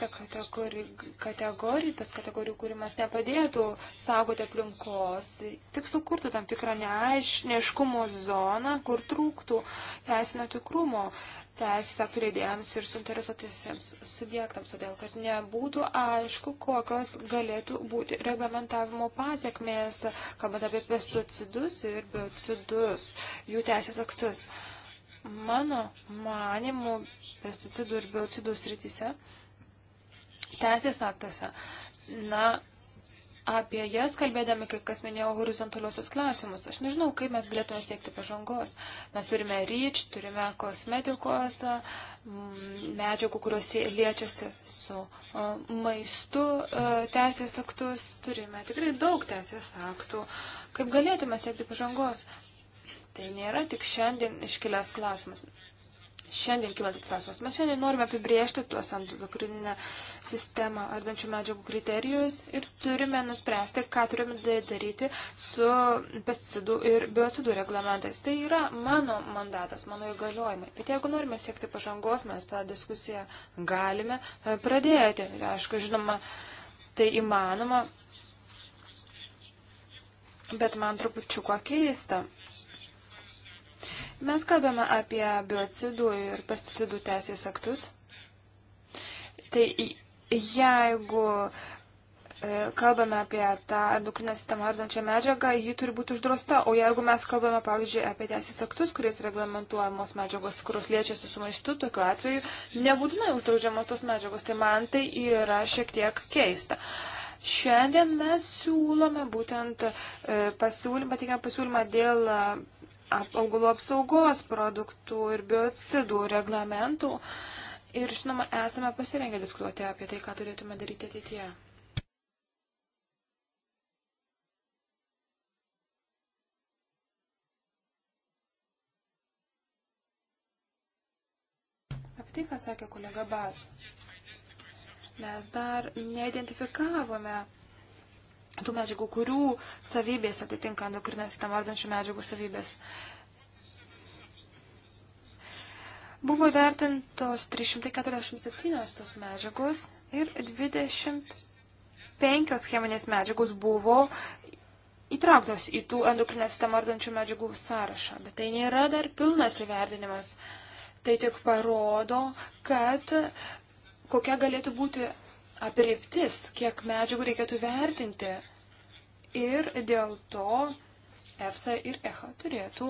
Ta kategori, kategorija, tas kategorijų kūrimas nepadėtų saugoti aplinkos, tik sukurtų tam tikrą neaiš, neaiškumo zoną, kur trūktų teisinio tikrumo teisės aktų leidėjams ir suinteresuotisiems subjektams, todėl kad nebūtų aišku, kokios galėtų būti reglamentavimo pasiekmės, kalbant apie pesticidus ir biocidus, jų teisės aktus. Uh, Mano manimų pesticidų ir biocidų srityse, teisės aktuose, na, apie jas kalbėdami, kai kas minėjo, horizontaliosius klausimus. Aš nežinau, kaip mes galėtume siekti pažangos. Mes turime ryč, turime kosmetikos, mm, medžiagų, kurios liečiasi su maistu, teisės aktus, turime tikrai daug teisės aktų. Kaip galėtume siekti pažangos? Tai nėra tik šiandien iškilęs klausimas. Šiandien kilantis klausimas. Mes šiandien norime apibriežti tuos endokrininę sistemą ardančių medžiagų kriterijus ir turime nuspręsti, ką turime daryti su pesticidų ir biocidų reglamentais. Tai yra mano mandatas, mano įgaliojimai. Bet jeigu norime siekti pažangos, mes tą diskusiją galime e, pradėti. Ir aišku, žinoma, tai įmanoma. Bet man trupučiuką keista Mes kalbame apie biocidų ir pesticidų teisės aktus. Tai jeigu e, kalbame apie tą endokrinę sistemą ardančią medžiagą, ji turi būti uždrausta. O jeigu mes kalbame, pavyzdžiui, apie teisės aktus, kuriais reglamentuojamos medžiagos, kurios liečiasi su maistu, tokiu atveju nebūtinai uždraudžiamos tos medžiagos. Tai man tai yra šiek tiek keista. Šiandien mes siūlome būtent e, pasiūlymą, teikiam pasiūlymą dėl augalų apsaugos produktų ir biocidų reglamentų. Ir, žinoma, esame pasirengę diskutuoti apie tai, ką turėtume daryti ateityje. Apie tai, ką sakė kolega Bas. Mes dar neidentifikavome tų medžiagų, kurių savybės atitinka endokrinę sistemą ardančių medžiagų savybės. Buvo vertintos 347 tos medžiagos ir 25 cheminės medžiagos buvo įtrauktos į tų endokrinę sistemą ardančių medžiagų sąrašą, bet tai nėra dar pilnas įvertinimas. Tai tik parodo, kad kokia galėtų būti apriektis, kiek medžiagų reikėtų vertinti. Ir dėl to EFSA ir EHA turėtų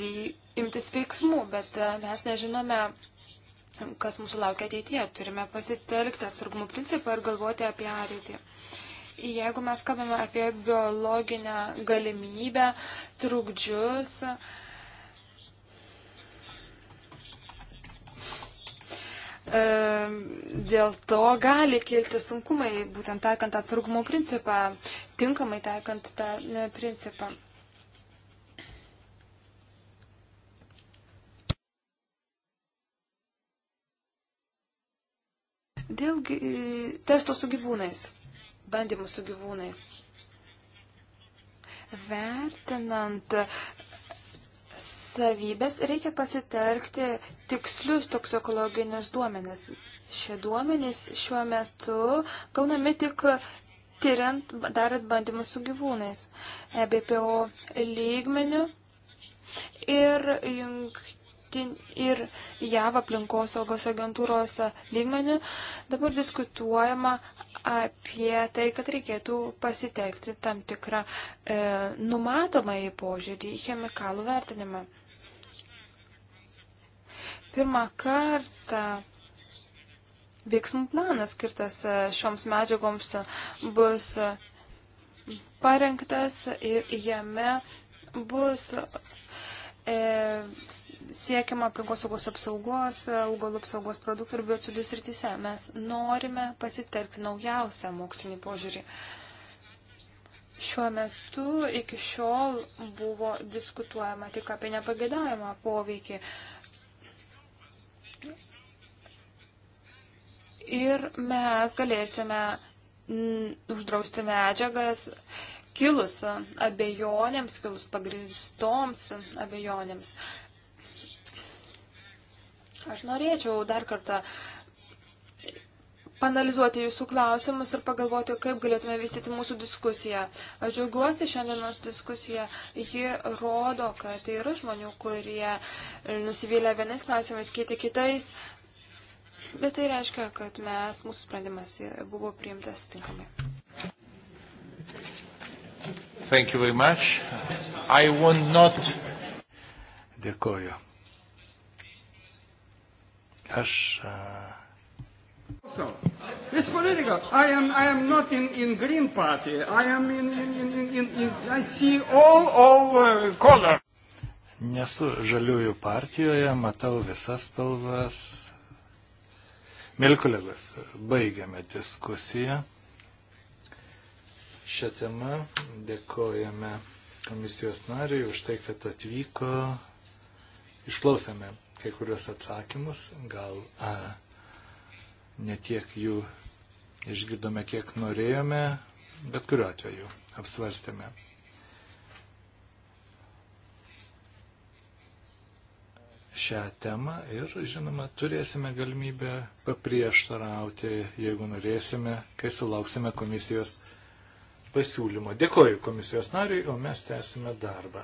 vy, imtis veiksmų, bet e, mes nežinome, kas mūsų laukia ateityje. Turime pasitelkti atsargumo principą ir galvoti apie ateitį. Jeigu mes kalbame apie biologinę galimybę, trukdžius, uh, E, dėl to gali kilti sunkumai, būtent taikant atsargumo principą, tinkamai taikant tą e, principą. Dėl e, testo su gyvūnais, bandymų su gyvūnais. Vertinant savybės, reikia pasitelkti tikslius toksikologinius duomenis. Šie duomenys šiuo metu gaunami tik tyriant, darant bandymus su gyvūnais, e BPO lygmeniu ir jungti ir JAV aplinkosaugos agentūros lygmenių dabar diskutuojama apie tai, kad reikėtų pasitelkti tam tikrą e, numatomą į požiūrį į chemikalų vertinimą pirmą kartą veiksmų planas skirtas e, šioms medžiagoms bus parengtas ir jame bus e, siekiama aplinkosaugos apsaugos, e, augalų apsaugos produktų ir biocidų srityse. Mes norime pasitelkti naujausią mokslinį požiūrį. Šiuo metu iki šiol buvo diskutuojama tik apie nepagėdavimą poveikį. E, ir mes galėsime uždrausti medžiagas kilus abejonėms, kilus pagristoms abejonėms. Aš norėčiau dar kartą panalizuoti jūsų klausimus ir pagalvoti, kaip galėtume vystyti mūsų diskusiją. Aš džiaugiuosi šiandienos diskusiją. Ji rodo, kad yra žmonių, kurie nusivylę vienais klausimais, kiti kitais. Bet tai reiškia, kad mes, mūsų sprendimas buvo priimtas tinkamai. Thank you very much. I want not. Dėkoju. Aš. Uh It's political. I am, I am not in, in Green Party. I am in, in, in, in, in I see all, all uh, color. Nesu žaliųjų partijoje, matau visas spalvas. Mėly kolegos, baigiame diskusiją. Šią temą dėkojame komisijos nariui už tai, kad atvyko. Išklausėme kai kurios atsakymus, gal. Uh, netiek jų išgirdome, kiek norėjome, bet kuriuo atveju apsvarstėme. šią temą ir, žinoma, turėsime galimybę paprieštarauti, jeigu norėsime, kai sulauksime komisijos pasiūlymo. Dėkoju komisijos nariui, o mes tęsime darbą.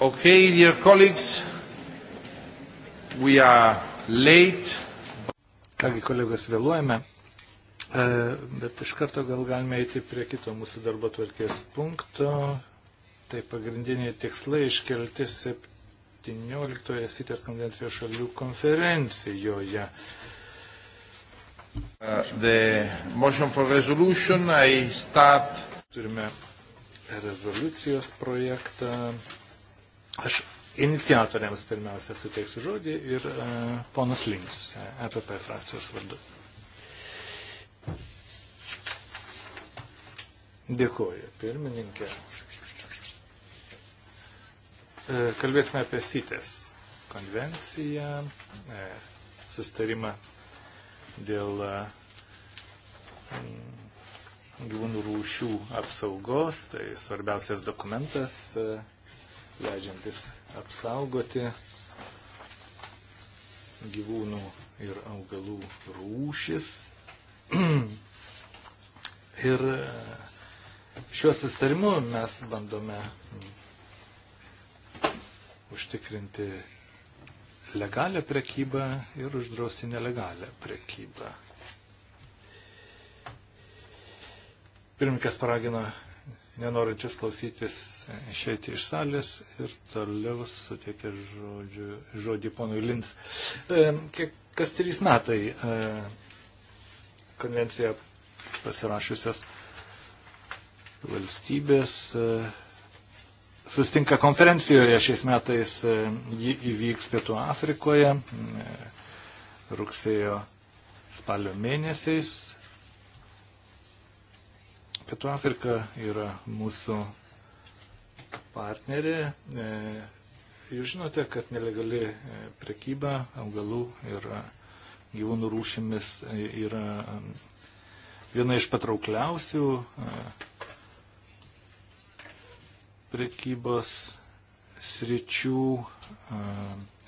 Okay, dear colleagues. Kągi kolegos vėluojame, e, bet iš karto gal galime eiti prie kito mūsų darbo tvarkės punkto. Tai pagrindiniai tikslai iškelti 17 sitės konvencijos šalių konferencijoje. Uh, start... Turime rezoliucijos projektą. Aš iniciatoriams pirmiausia suteiksiu žodį ir e, ponas Links, EPP frakcijos vardu. Dėkuoju, pirmininkė. E, kalbėsime apie sitės e konvenciją, e, sustarimą dėl e, gyvūnų rūšių apsaugos, tai svarbiausias dokumentas, e, leidžiantis apsaugoti gyvūnų ir augalų rūšis. ir e, šiuo sustarimu mes bandome mm, užtikrinti legalią prekybą ir uždrausti nelegalią prekybą. Pirmininkas paragino nenorinčius klausytis išeiti iš salės ir toliau suteikia žodžiu, žodį ponui Lins. E, Kiek kas trys metai e, konvenciją pasirašiusios valstybės e, sustinka konferencijoje šiais metais, ji įvyks Pietų Afrikoje rugsėjo spalio mėnesiais. Pietų Afrika yra mūsų partnerė. E, jūs žinote, kad nelegali e, prekyba augalų ir e, gyvūnų rūšimis yra viena iš patraukliausių prekybos sričių.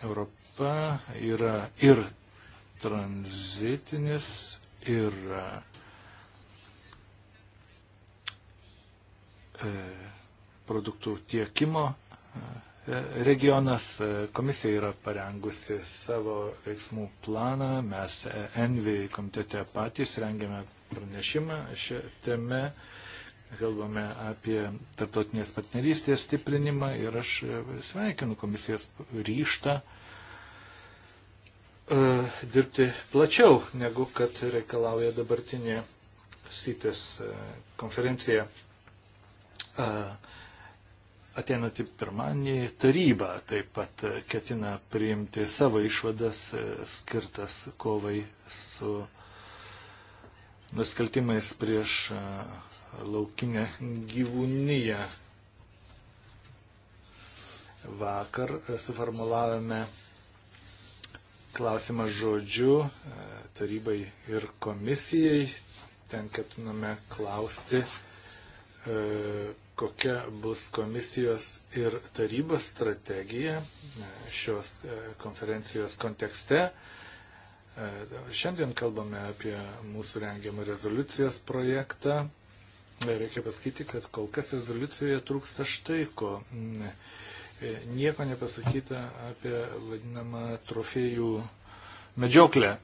Europa yra ir tranzitinis, ir E, produktų tiekimo e, regionas. E, komisija yra parengusi savo veiksmų planą. Mes Envi komitete patys rengiame pranešimą šią temę. Kalbame apie tarptautinės partnerystės stiprinimą ir aš sveikinu komisijos ryštą dirbti plačiau, negu kad reikalauja dabartinė SITES konferencija ateinantį pirmadienį taryba taip pat ketina priimti savo išvadas e, skirtas kovai su nusikaltimais prieš e, laukinę gyvūniją. Vakar e, suformulavome klausimą žodžiu tarybai ir komisijai. Ten ketiname klausti, E, kokia bus komisijos ir tarybos strategija e, šios e, konferencijos kontekste. Šiandien kalbame apie mūsų rengiamą rezoliucijos projektą. Reikia pasakyti, kad kol kas rezoliucijoje trūksta štai ko. Mm, nieko nepasakyta apie vadinamą trofėjų medžioklę.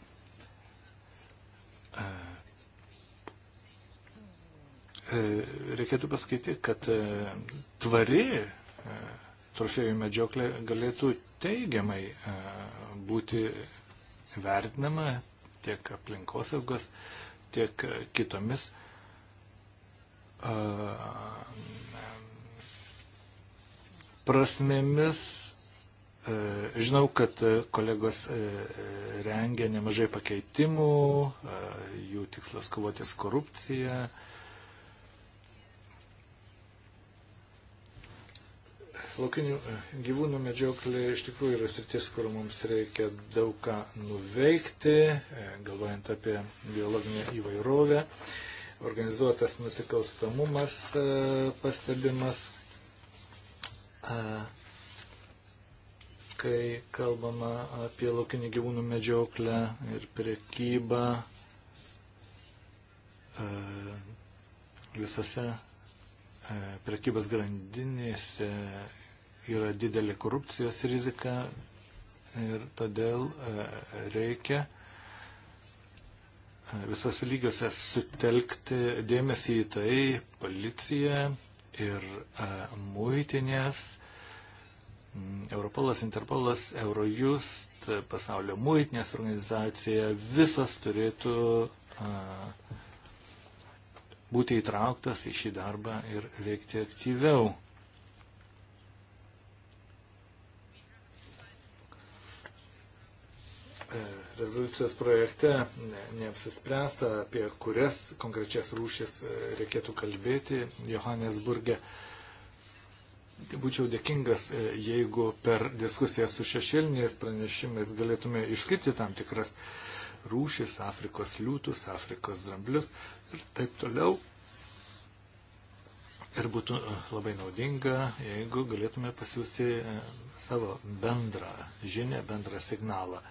E, reikėtų pasakyti, kad e, tvari e, trofėjų medžioklė galėtų teigiamai būti vertinama tiek aplinkosaugos, tiek kitomis prasmėmis. Žinau, kad kolegos rengia nemažai pakeitimų, jų tikslas kovoti su korupcija, Laukinių e, gyvūnų medžioklė iš tikrųjų yra sritis, kur mums reikia daug ką nuveikti, e, galvojant apie biologinę įvairovę. Organizuotas nusikalstamumas e, pastebimas, kai kalbama apie laukinį gyvūnų medžioklę ir priekybą visose prekybos grandinėse yra didelė korupcijos rizika ir todėl e, reikia e, visose lygiuose sutelkti dėmesį į tai policiją ir e, muitinės. Europolas, Interpolas, Eurojust, pasaulio muitinės organizacija, visas turėtų a, būti įtrauktas į šį darbą ir veikti aktyviau. E, rezoliucijos projekte ne, neapsispręsta, apie kurias konkrečias rūšis e, reikėtų kalbėti Johannesburgė. Būčiau dėkingas, e, jeigu per diskusiją su šešėliniais pranešimais galėtume išskirti tam tikras rūšis, Afrikos liūtus, Afrikos dramblius ir taip toliau. Ir būtų labai naudinga, jeigu galėtume pasiūsti savo bendrą žinę, bendrą signalą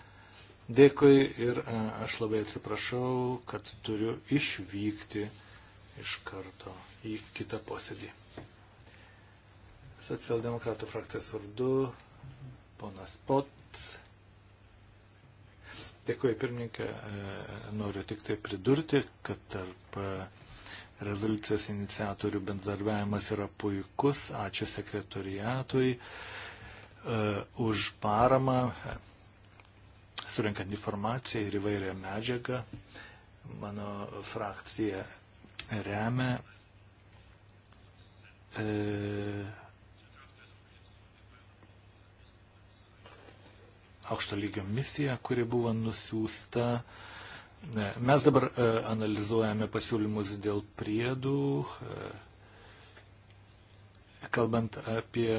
Dėkui ir e, aš labai atsiprašau, kad turiu išvykti iš karto į kitą posėdį. Socialdemokratų frakcijos vardu ponas Pots. Dėkuoju pirmininkė, e, noriu tik tai pridurti, kad tarp e, rezoliucijos iniciatorių bendradarbiavimas yra puikus. Ačiū sekretoriatui už paramą surinkant informaciją ir įvairią medžiagą. Mano frakcija remia e, aukšto lygio misiją, kuri buvo nusiųsta. E, mes dabar e, analizuojame pasiūlymus dėl priedų, e, kalbant apie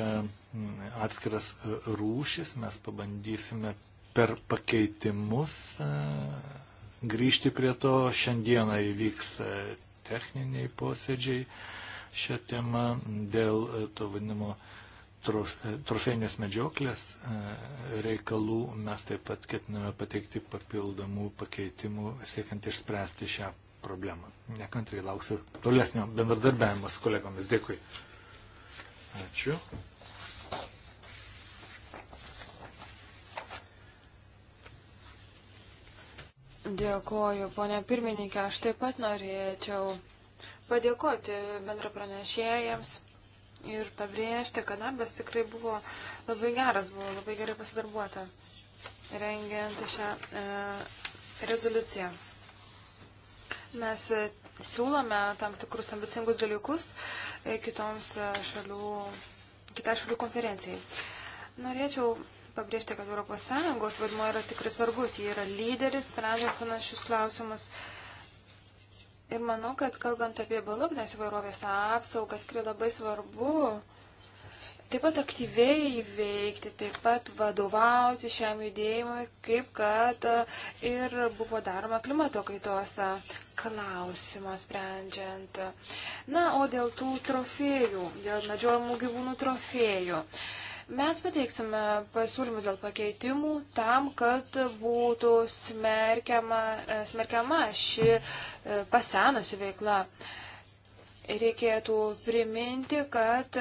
atskiras rūšis, mes pabandysime per pakeitimus e, grįžti prie to. Šiandieną įvyks e, techniniai posėdžiai šią temą dėl e, to vadinamo trofėjinės medžioklės reikalų mes taip pat ketiname pateikti papildomų pakeitimų, siekiant išspręsti šią problemą. Nekantriai lauksiu tolesnio bendradarbiavimo su kolegomis. Dėkui. Ačiū. Dėkoju, ponė pirmininkė. Aš taip pat norėčiau padėkoti bendrapranešėjams ir pabrėžti, kad darbas tikrai buvo labai geras, buvo labai gerai pasidarbuota, rengiant šią e, rezoliuciją. Mes e, siūlome tam tikrus ambicingus dalykus e, kitoms e, šalių, kitai šalių konferencijai. Norėčiau pabrėžti, kad ES vaidmuo yra tikrai svarbus. Jie yra lyderis, sprendžia panašius klausimus. Ir manau, kad kalbant apie biologinės įvairovės apsaugą, tikrai labai svarbu taip pat aktyviai veikti, taip pat vadovauti šiam judėjimui, kaip kad e, ir buvo daroma klimato kaitos klausimą sprendžiant. Na, o dėl tų trofėjų, dėl medžiojimų gyvūnų trofėjų. Uh, Mes pateiksime pasiūlymus dėl pakeitimų tam, kad būtų smerkiama, e, smerkiama ši e, pasenusi veikla. Reikėtų priminti, kad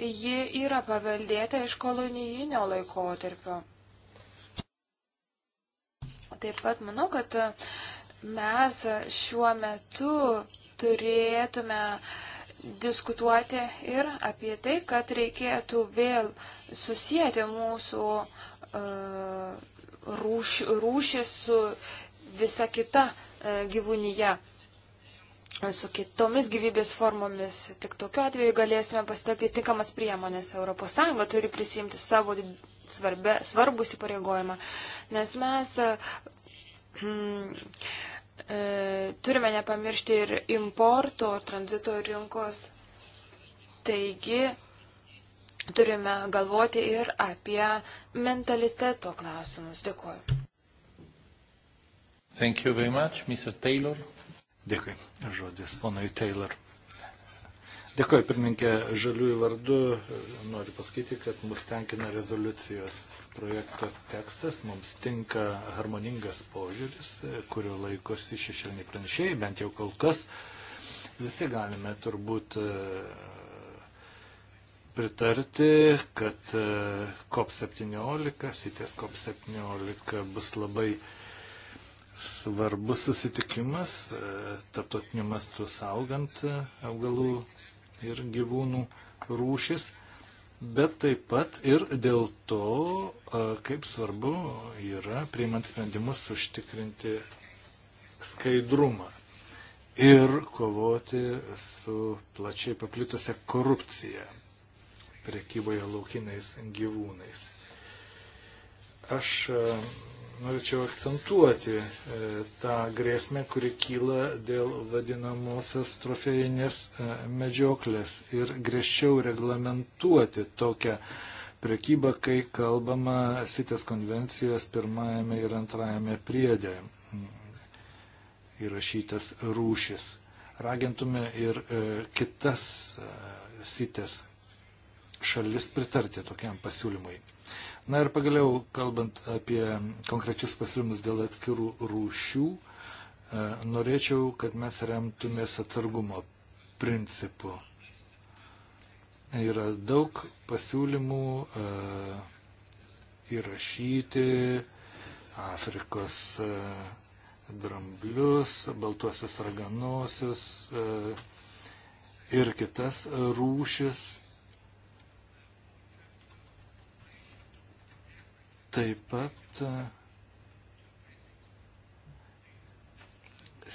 ji yra paveldėta iš kolonijinio laikotarpio. Taip pat manau, kad mes šiuo metu turėtume uh, diskutuoti ir apie tai, kad reikėtų vėl susijęti mūsų e, rūš, rūšį su visa kita e, gyvūnyje, su kitomis gyvybės formomis. Tik tokiu atveju galėsime pasitelkti tinkamas priemonės. ES turi prisimti savo svarbę, svarbus įpareigojimą, nes mes mm, E, turime nepamiršti ir importo, tranzito rinkos. Taigi, turime galvoti ir apie mentaliteto klausimus. Dėkuoju. Thank you very much, Mr. Taylor. Dėkui. Žodis ponui Taylor. Dėkuoju, pirmininkė, žaliųjų vardu. Noriu pasakyti, kad mus tenkina rezoliucijos projekto tekstas, mums tinka harmoningas požiūris, kurio laikosi šešėliniai pranešėjai, bent jau kol kas. Visi galime turbūt e, pritarti, kad e, COP17, sitės COP17 bus labai svarbus susitikimas, e, tarptautiniu mastu saugant augalų ir gyvūnų rūšis, bet taip pat ir dėl to, kaip svarbu yra priimant sprendimus užtikrinti skaidrumą ir kovoti su plačiai paplitusią korupciją prekyboje laukiniais gyvūnais. Aš norėčiau akcentuoti e, tą grėsmę, kuri kyla dėl vadinamosios trofėjinės e, medžioklės ir griežčiau reglamentuoti tokią prekybą, kai kalbama sitės konvencijos pirmajame ir antrajame priedė įrašytas rūšis. Ragintume ir e, kitas sitės šalis pritarti tokiam pasiūlymui. Na ir pagaliau, kalbant apie konkrečius pasiūlymus dėl atskirų rūšių, e, norėčiau, kad mes remtumės atsargumo principu. Yra daug pasiūlymų e, įrašyti Afrikos e, dramblius, baltuosius raganosius ir kitas rūšis Taip pat e,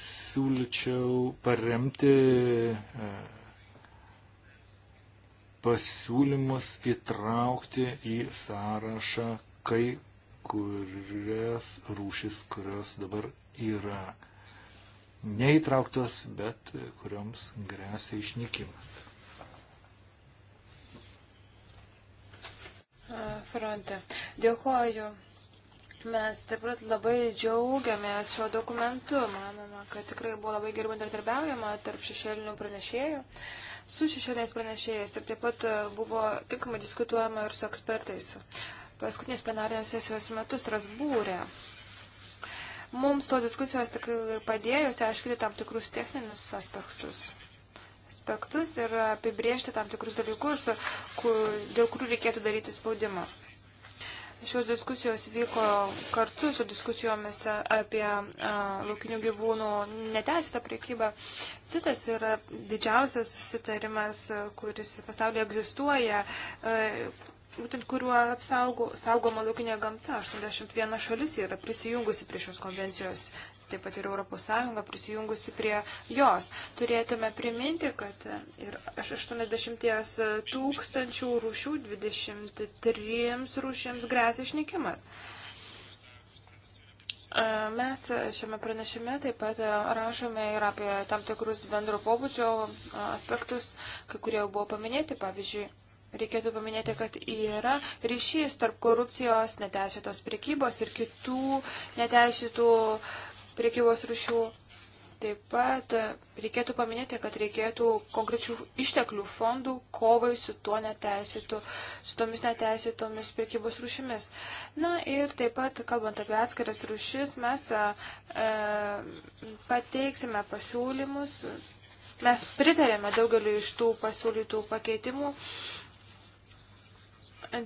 siūlyčiau paremti e, pasiūlymus įtraukti į sąrašą kai kurias rūšis, kurios dabar yra neįtrauktos, bet kurioms grėsia išnykimas. E, fronte. Dėkuoju. Mes taip pat labai džiaugiamės šio dokumentu. Manoma, kad tikrai buvo labai gerai bendradarbiaujama tarp šešėlinių pranešėjų, su šešėliniais pranešėjais ir taip pat e, buvo tinkamai diskutuojama ir su ekspertais. Paskutinės plenarinės sesijos metu Strasbūrė. Mums to diskusijos tikrai padėjus aiškinti tam tikrus techninius aspektus aspektus ir apibriežti tam tikrus dalykus, kur, dėl kurių reikėtų daryti spaudimą. Šios diskusijos vyko kartu su diskusijomis apie laukinių gyvūnų neteisėtą priekybą. Citas yra didžiausias susitarimas, kuris pasaulyje egzistuoja, būtent kuriuo apsaugo, saugoma laukinė gamta. 81 šalis yra prisijungusi prie šios konvencijos taip pat ir ES prisijungusi prie jos. Turėtume priminti, kad ir 80 tūkstančių rūšių 23 rūšims grėsia išnykimas. Mes šiame pranešime taip pat rašome ir apie tam tikrus bendro pobūdžio aspektus, kai kurie jau buvo paminėti, pavyzdžiui, reikėtų paminėti, kad yra ryšys tarp korupcijos, neteisėtos priekybos ir kitų neteisėtų uh, priekybos rušių. Taip pat reikėtų paminėti, kad reikėtų konkrečių išteklių fondų kovai su, tuo neteisėtu, su tomis neteisėtomis priekybos rušimis. Na ir taip pat, kalbant apie atskiras rušis, mes e, pateiksime pasiūlymus. Mes pritarėme daugeliu iš tų pasiūlytų pakeitimų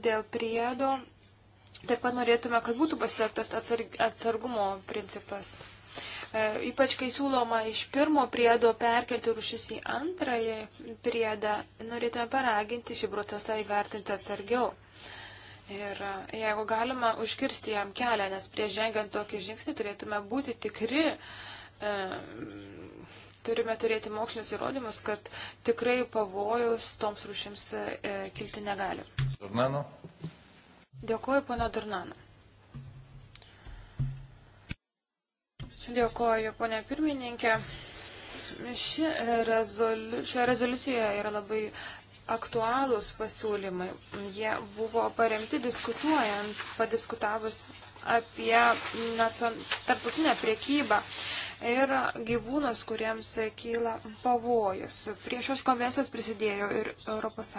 dėl priedo. Taip pat norėtume, kad būtų pasiektas atsargumo principas. E, ypač, kai siūloma iš pirmo priedo perkelti rušis į antrąjį priedą, norėtume paraginti šį procesą įvertinti atsargiau. Ir e, jeigu galima, užkirsti jam kelią, nes prieš žengiant tokį žingsnį turėtume būti tikri, e, turime turėti mokslinius įrodymus, kad tikrai pavojus toms rūšims e, kilti negali. Durnano. Dėkuoju, pana Durnano. Dėkoju, ponė pirmininkė. Ši rezoliu, šioje rezoliucijoje yra labai aktualūs pasiūlymai. Jie buvo paremti diskutuojant, padiskutavus apie tarptautinę priekybą ir gyvūnus, kuriems kyla pavojus. Prie šios konvencijos prisidėjo ir ES.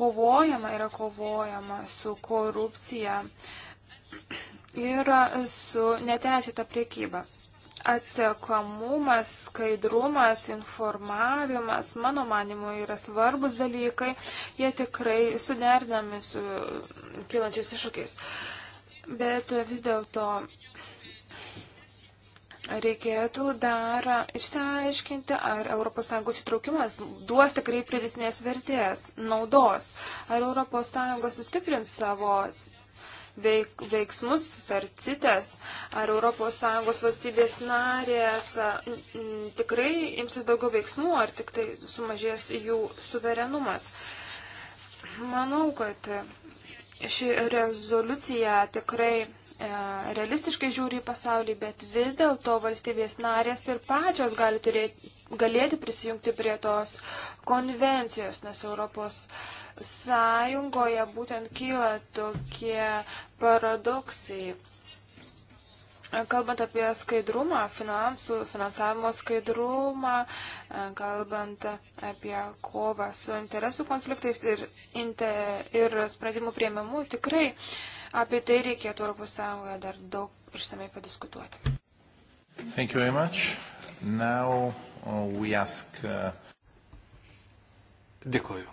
Kovojama yra kovojama su korupcija ir su neteisėta priekyba. Atsekamumas, skaidrumas, informavimas, mano manimu, yra svarbus dalykai, jie tikrai suderinami su kilančiais iššūkiais. Bet vis dėlto reikėtų dar išsiaiškinti, ar ES įtraukimas duos tikrai pridėtinės vertės, naudos, ar ES sustiprins savo veik, veiksmus per CITES, ar ES valstybės narės tikrai imsis daugiau veiksmų, ar tik tai sumažės jų suverenumas. Manau, kad ši rezoliucija tikrai E, realistiškai žiūri į pasaulį, bet vis dėlto valstybės narės ir pačios gali turėti, galėti prisijungti prie tos konvencijos, nes Europos sąjungoje būtent kyla tokie paradoksai. Kalbant apie skaidrumą, finansų, finansavimo skaidrumą, e, kalbant apie kovą su interesų konfliktais ir, inter, ir sprendimų prieimimu, tikrai uh, Apie tai reikėtų Europos Sąjungoje dar daug išsamei padiskutuoti. Thank you very much. Now uh, we ask. Uh... Dėkoju.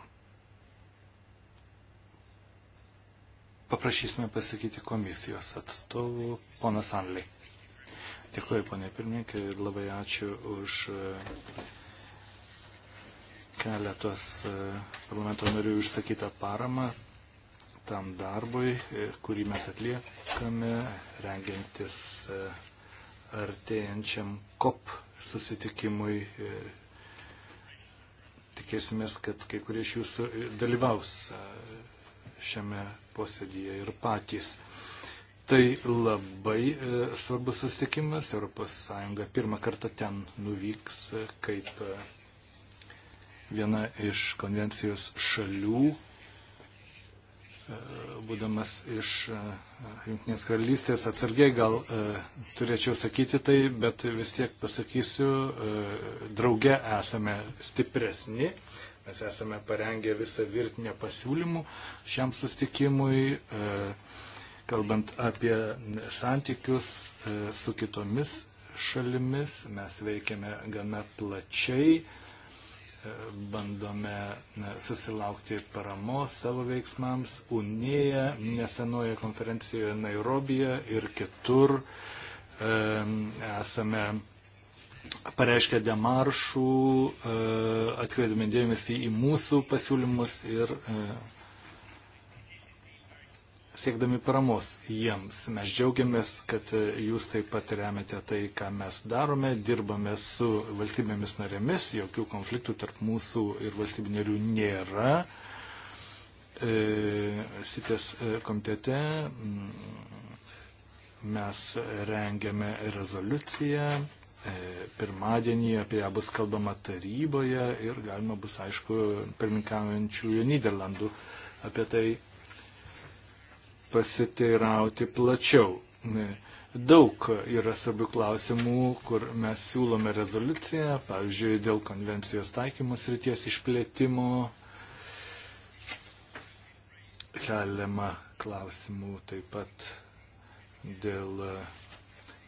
Paprašysime pasakyti komisijos atstovų, ponas Anlai. Dėkuoju, ponė pirmininkė, ir labai ačiū už uh, keletos uh, parlamento narių išsakytą paramą tam darbui, e, kurį mes atliekame, rengiantis e, artėjančiam COP susitikimui. E, tikėsimės, kad kai kurie iš jūsų dalyvaus šiame posėdyje ir patys. Tai labai svarbus susitikimas. ES pirmą kartą ten nuvyks kaip viena iš konvencijos šalių būdamas iš e, Junktinės karalystės, atsargiai gal e, turėčiau sakyti tai, bet vis tiek pasakysiu, e, drauge esame stipresni, mes esame parengę visą virtinę pasiūlymų šiam sustikimui, kalbant apie santykius su kitomis šalimis, mes veikiame gana plačiai bandome susilaukti paramos savo veiksmams UNEje, nesenoje konferencijoje Nairobije ir kitur. Esame pareiškę demaršų, e, atkreipdami dėmesį į mūsų pasiūlymus ir e, siekdami paramos jiems. Mes džiaugiamės, kad jūs taip pat remiate tai, ką mes darome, dirbame su valstybėmis narėmis, jokių konfliktų tarp mūsų ir valstybių narių nėra. E, Sitės e, komitete mm, mes rengiame rezoliuciją. E, pirmadienį apie ją bus kalbama taryboje ir galima bus, aišku, pirmininkaujančiųjų Niderlandų apie tai pasiteirauti plačiau. Daug yra svarbių klausimų, kur mes siūlome rezoliuciją, pavyzdžiui, dėl konvencijos taikymos ryties išplėtimo. Keliama klausimų taip pat dėl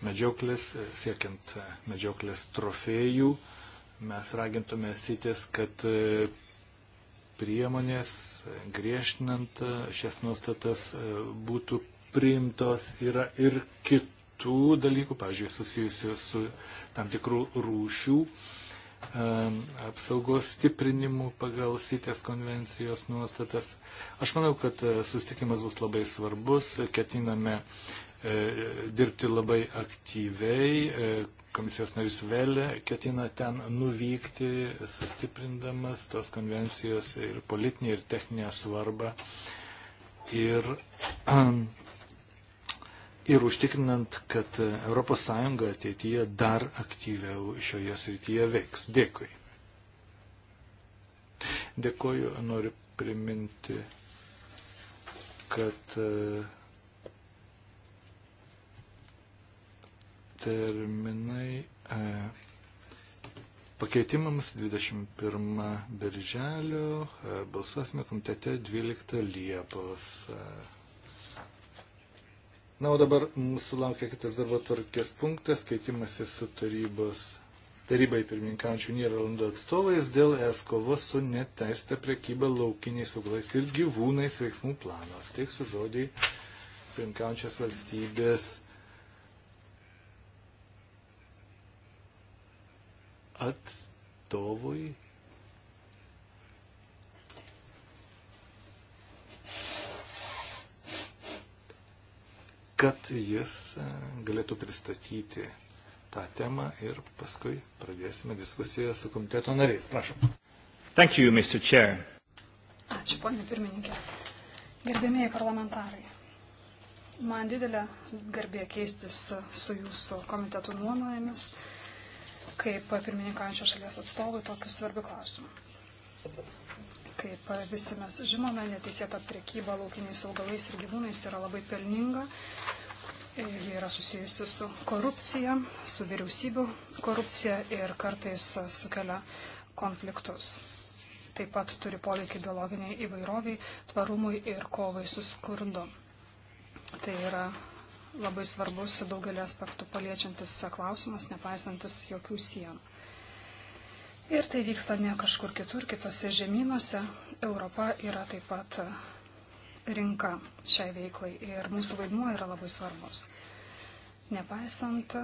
medžioklės, siekiant medžioklės trofėjų. Mes ragintume sitės, kad priemonės, griežtinant e, šias nuostatas, e, būtų priimtos yra ir kitų dalykų, pavyzdžiui, susijusių su tam tikrų rūšių e, apsaugos stiprinimu pagal sitės konvencijos nuostatas. Aš manau, kad susitikimas bus labai svarbus, ketiname E, dirbti labai aktyviai. E, komisijos narys Velė ketina ten nuvykti, sustiprindamas tos konvencijos ir politinį, ir techninę svarbą. Ir, ir užtikrinant, kad ES ateityje dar aktyviau šioje srityje veiks. Dėkui. Dėkoju, noriu priminti, kad uh, terminai e, pakeitimams 21 birželio, e, balsuosime komitete 12 liepos. E. Na, o dabar mūsų laukia kitas darbo tvarkės punktas, keitimasis su tarybos, tarybai pirmininkančių Nyralando atstovais dėl es kovos su neteista prekyba laukiniais uglais ir gyvūnais veiksmų planas. Teiksiu žodį pirmininkančias valstybės atstovui. kad jis e, galėtų pristatyti tą temą ir paskui pradėsime diskusiją su komiteto nariais. Prašom. Thank you, Mr. Chair. Ačiū, ponė pirmininkė. Gerbėmėjai parlamentarai, man didelė garbė keistis su jūsų komitetų nuomonėmis. Uh, kaip pirmininkaujančio šalies atstovui tokiu svarbiu klausimu. Kaip visi mes žinome, neteisėta priekyba laukiniais augalais ir gyvūnais yra labai pelninga. Ji yra susijusi su korupcija, su vyriausybių korupcija ir kartais sukelia konfliktus. Taip pat turi poveikį biologiniai įvairoviai, tvarumui ir kovai su skurdu. Tai yra labai svarbus daugelį aspektų paliečiantis klausimas, nepaisantis jokių sienų. Ir tai vyksta ne kažkur kitur, kitose žemynuose. Europa yra taip pat rinka šiai veiklai ir mūsų vaidmuo yra labai svarbus. Nepaisant,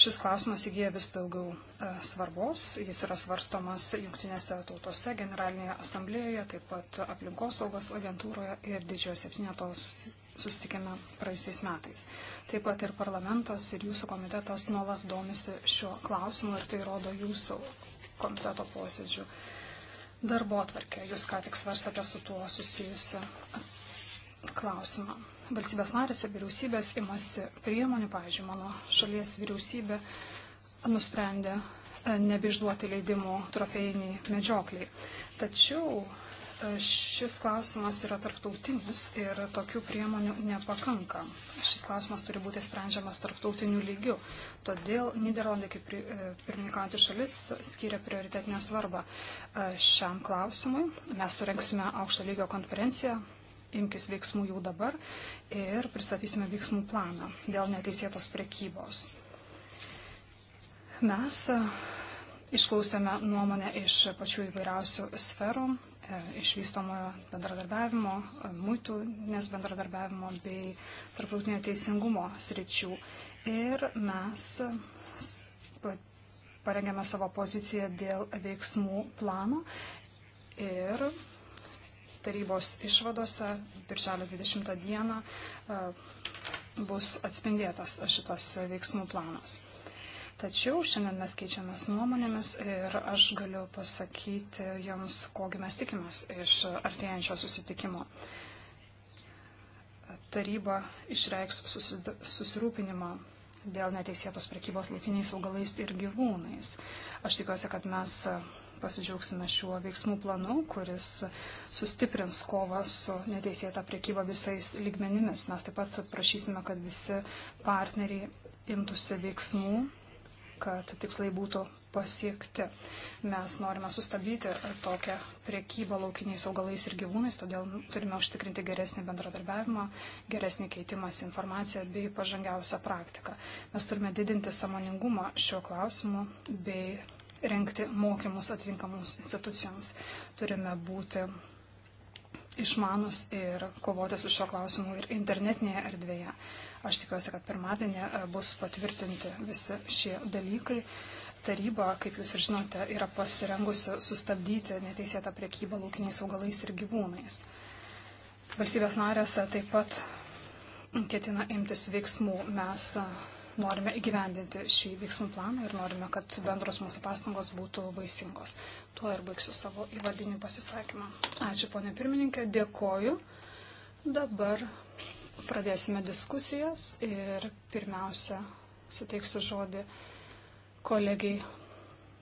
šis klausimas įgyja vis daugiau e, svarbos. Jis yra svarstomas jungtinėse tautose, generalinėje asamblėje, taip pat aplinkosaugos agentūroje ir didžiojo septynetos sustikėme praėjusiais metais. Taip pat ir parlamentas ir jūsų komitetas nuolat domisi šiuo klausimu ir tai rodo jūsų komiteto posėdžių darbo atvarkė. Jūs ką tik svarstate su tuo susijusią klausimą. Valstybės narės ir vyriausybės imasi priemonių, pavyzdžiui, mano šalies vyriausybė nusprendė e, nebeišduoti leidimų trofėjiniai medžiokliai. Tačiau Šis klausimas yra tarptautinis ir tokių priemonių nepakanka. Šis klausimas turi būti sprendžiamas tarptautiniu lygiu. Todėl Niderlandai kaip e, pirmininkantys šalis skiria prioritetinę svarbą e, šiam klausimui. Mes surenksime aukšto lygio konferenciją, imkis veiksmų jau dabar ir pristatysime veiksmų planą dėl neteisėtos prekybos. Mes e, Išklausėme nuomonę iš pačių įvairiausių sferų, E, išvystomojo bendradarbiavimo, e, muitų nes bendradarbiavimo bei tarptautinio teisingumo sričių. Ir mes parengėme savo poziciją dėl veiksmų plano ir tarybos išvadose birželio 20 dieną e, bus atspindėtas šitas veiksmų planas. Tačiau šiandien mes keičiamės nuomonėmis ir aš galiu pasakyti jums, kogi mes tikimės iš artėjančio susitikimo. Taryba išreiks susirūpinimą dėl neteisėtos prekybos laukiniais augalais ir gyvūnais. Aš tikiuosi, kad mes pasidžiaugsime šiuo veiksmų planu, kuris sustiprins kovą su neteisėta priekyba visais lygmenimis. Mes taip pat prašysime, kad visi partneriai imtųsi veiksmų kad tikslai būtų pasiekti. Mes norime sustabdyti tokią priekybą laukiniais augalais ir gyvūnais, todėl turime užtikrinti geresnį bendradarbiavimą, geresnį keitimąsi informaciją bei pažangiausią praktiką. Mes turime didinti samoningumą šiuo klausimu bei renkti mokymus atitinkamoms institucijoms. Turime būti išmanus ir kovoti su šio klausimu ir internetinėje erdvėje. Aš tikiuosi, kad pirmadienį e, bus patvirtinti visi šie dalykai. Taryba, kaip jūs ir žinote, yra pasirengusi sustabdyti neteisėtą priekybą laukiniais augalais ir gyvūnais. Valstybės narėse taip pat ketina imtis veiksmų. Mes e, norime įgyvendinti šį veiksmų planą ir norime, kad bendros mūsų pastangos būtų vaisingos. Tuo ir baigsiu savo įvadinį pasisakymą. Ačiū, ponė pirmininkė, dėkoju. Dabar pradėsime diskusijas ir pirmiausia suteiksiu žodį kolegiai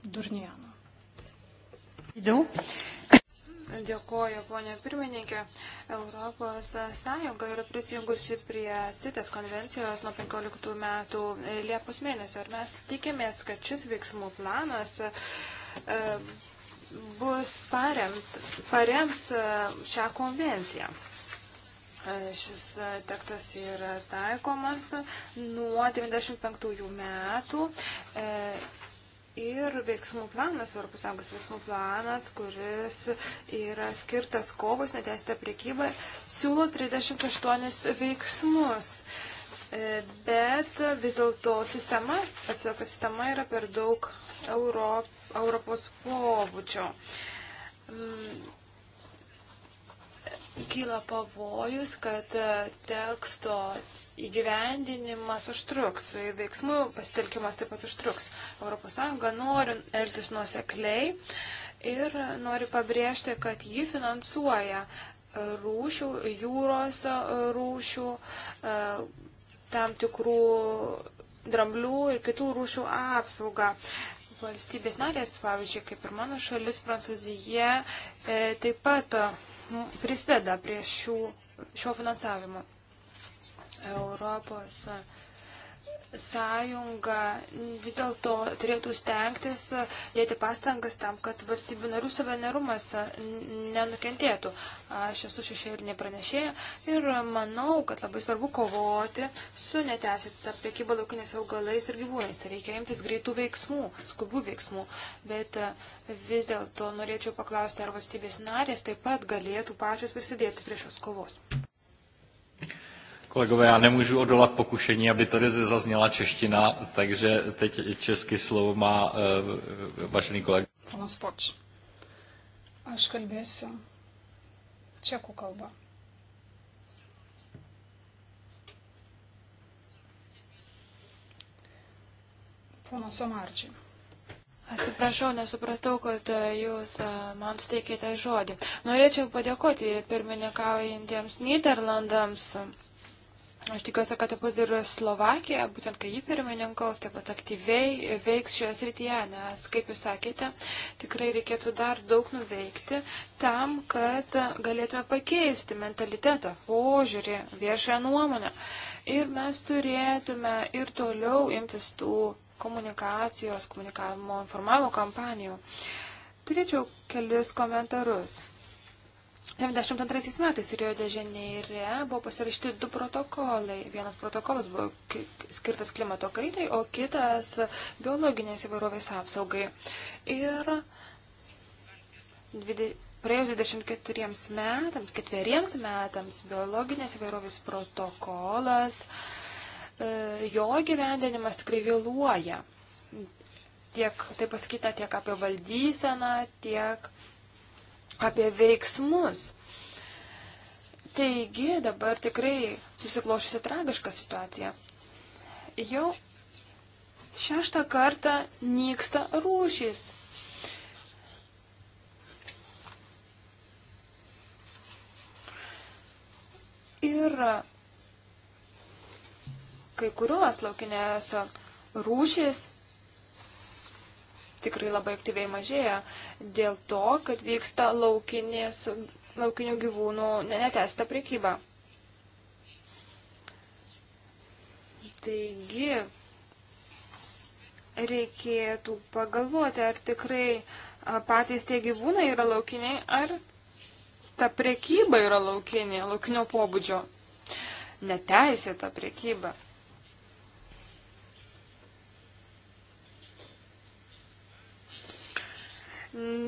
Durnianu. Įdomu. Dėkoju, ponė pirmininkė. Europos Sąjunga yra prisijungusi prie CITES konvencijos nuo 15 metų Liepos mėnesio. Ir mes tikimės, kad šis veiksmų planas e, bus paremt, parems e, šią konvenciją. E, šis tekstas yra taikomas nuo 95 metų ir veiksmų planas, Europos Sąjungos veiksmų planas, kuris yra skirtas kovos neteisėtą priekybą, siūlo 38 veiksmus. E, bet vis dėlto sistema, pasilka sistema yra per daug Euro, Europos pobūdžio. Mm, kyla pavojus, kad teksto įgyvendinimas užtruks, veiksmų pasitelkimas taip pat užtruks. ES nori elgtis nuosekliai ir nori pabrėžti, kad ji finansuoja rūšių, jūros rūšių, e, tam tikrų dramblių ir kitų rūšių apsaugą valstybės narės, pavyzdžiui, kaip ir mano šalis Prancūzija, e, taip pat prisideda prie šių, šio finansavimo. Europos sąjunga vis dėlto turėtų stengtis dėti pastangas tam, kad valstybių narių suverenumas nenukentėtų. Aš esu šešėlinė pranešėja ir manau, kad labai svarbu kovoti su neteisėta priekyba laukiniais augalais ir gyvūnais. Reikia imtis greitų veiksmų, skubių veiksmų. Bet vis dėlto norėčiau paklausti, ar valstybės narės taip pat galėtų pačios prisidėti prie šios kovos. Kolegové, já nemůžu odolat pokušení, aby tady zazněla čeština, takže teď česky slovo má uh, eh, vašený kolega. Ponas Poč, aš kalbėsiu čekų kalba. Ponas Samarčiai. Atsiprašau, nesupratau, kad jūs man eh, suteikėte žodį. Norėčiau padėkoti pirmininkaujantiems Niderlandams. Aš tikiuosi, kad taip pat ir Slovakija, būtent kai jį pirmininkaus, taip pat aktyviai veiks šioje srityje, nes, kaip jūs sakėte, tikrai reikėtų dar daug nuveikti tam, kad galėtume pakeisti mentalitetą, požiūrį, viešąją nuomonę. Ir mes turėtume ir toliau imtis tų komunikacijos, komunikavimo, informavimo kampanijų. Turėčiau kelis komentarus. 1992 metais Rio de Žaneire buvo pasirašyti du protokolai. Vienas protokolas buvo skirtas klimato kaitai, o kitas biologinės įvairovės apsaugai. Ir dvide, praėjus 24 metams, ketveriems metams biologinės įvairovės protokolas, e, jo gyvendinimas tikrai vėluoja. Tiek, tai pasakyta tiek apie valdyseną, tiek apie veiksmus. Taigi dabar tikrai susiklošusi tragiška situacija. Jau šeštą kartą nyksta rūšys. Ir kai kurios laukinės rūšys tikrai labai aktyviai mažėja dėl to, kad vyksta laukinės, laukinių gyvūnų netesta priekyba. Taigi, reikėtų pagalvoti, ar tikrai patys tie gyvūnai yra laukiniai, ar ta priekyba yra laukinė, laukinio pobūdžio. Neteisėta priekyba.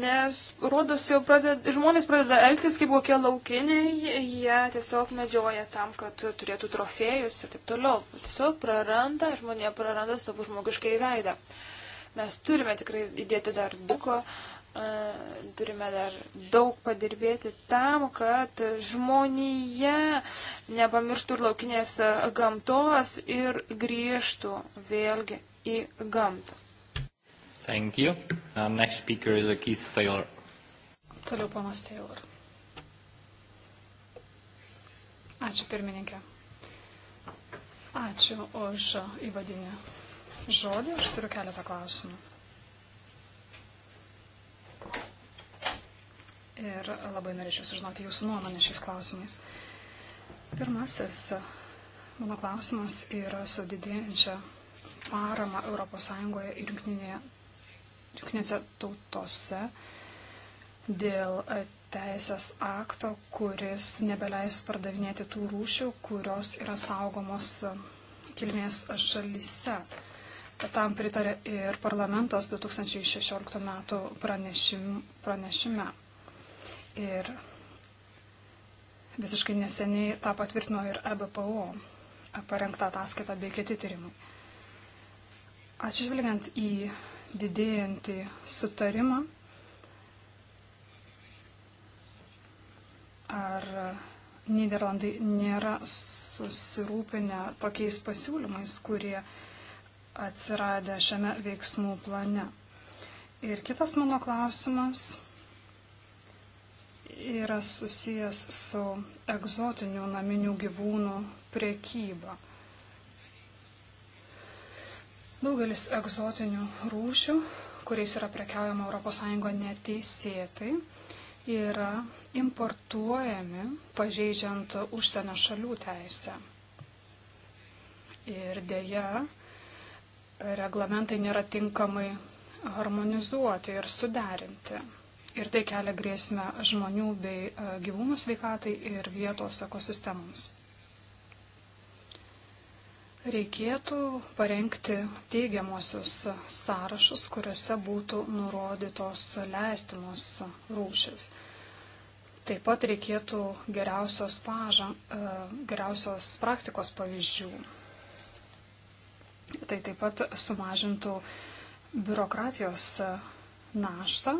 Nes rodos jau pradeda, žmonės pradeda elgtis kaip kokie laukiniai, jie tiesiog medžioja tam, kad turėtų trofėjus ir taip toliau. Tiesiog praranda, žmonė praranda savo žmogiškai veidą. Mes turime tikrai įdėti dar buko, e, turime dar daug padirbėti tam, kad žmonija nepamirštų ir laukinės gamtos ir grįžtų vėlgi į gamtą. Thank you. Uh, next speaker is Keith Taylor. Toliau ponas Taylor. Ačiū pirmininkė. Ačiū už įvadinį žodį. Aš turiu keletą klausimų. Ir labai norėčiau sužinoti jūsų nuomonę šiais klausimais. Pirmasis mano klausimas yra su didėjančia parama ES ir Junktinėje jungtinėse tautose dėl e, teisės akto, kuris nebeleis pardavinėti tų rūšių, kurios yra saugomos e, kilmės šalyse. Tam pritarė ir parlamentas 2016 metų pranešim, pranešime. Ir visiškai neseniai tą patvirtino ir EBPO parengta ataskaita bei kiti tyrimai. Atsižvelgiant į didėjantį sutarimą. Ar Niderlandai nėra susirūpinę tokiais pasiūlymais, kurie atsiradę šiame veiksmų plane. Ir kitas mano klausimas yra susijęs su egzotinių naminių gyvūnų priekyba. Daugelis egzotinių rūšių, kuriais yra prekiaujama ES neteisėtai, yra importuojami pažeidžiant užsienio šalių teisę. Ir dėja, reglamentai nėra tinkamai harmonizuoti ir suderinti. Ir tai kelia grėsmę žmonių bei e, gyvūnų sveikatai ir vietos ekosistemoms. Reikėtų parengti teigiamosius sąrašus, kuriuose būtų nurodytos leistinos rūšis. Taip pat reikėtų geriausios, pažang, e, geriausios praktikos pavyzdžių. Tai taip pat sumažintų biurokratijos naštą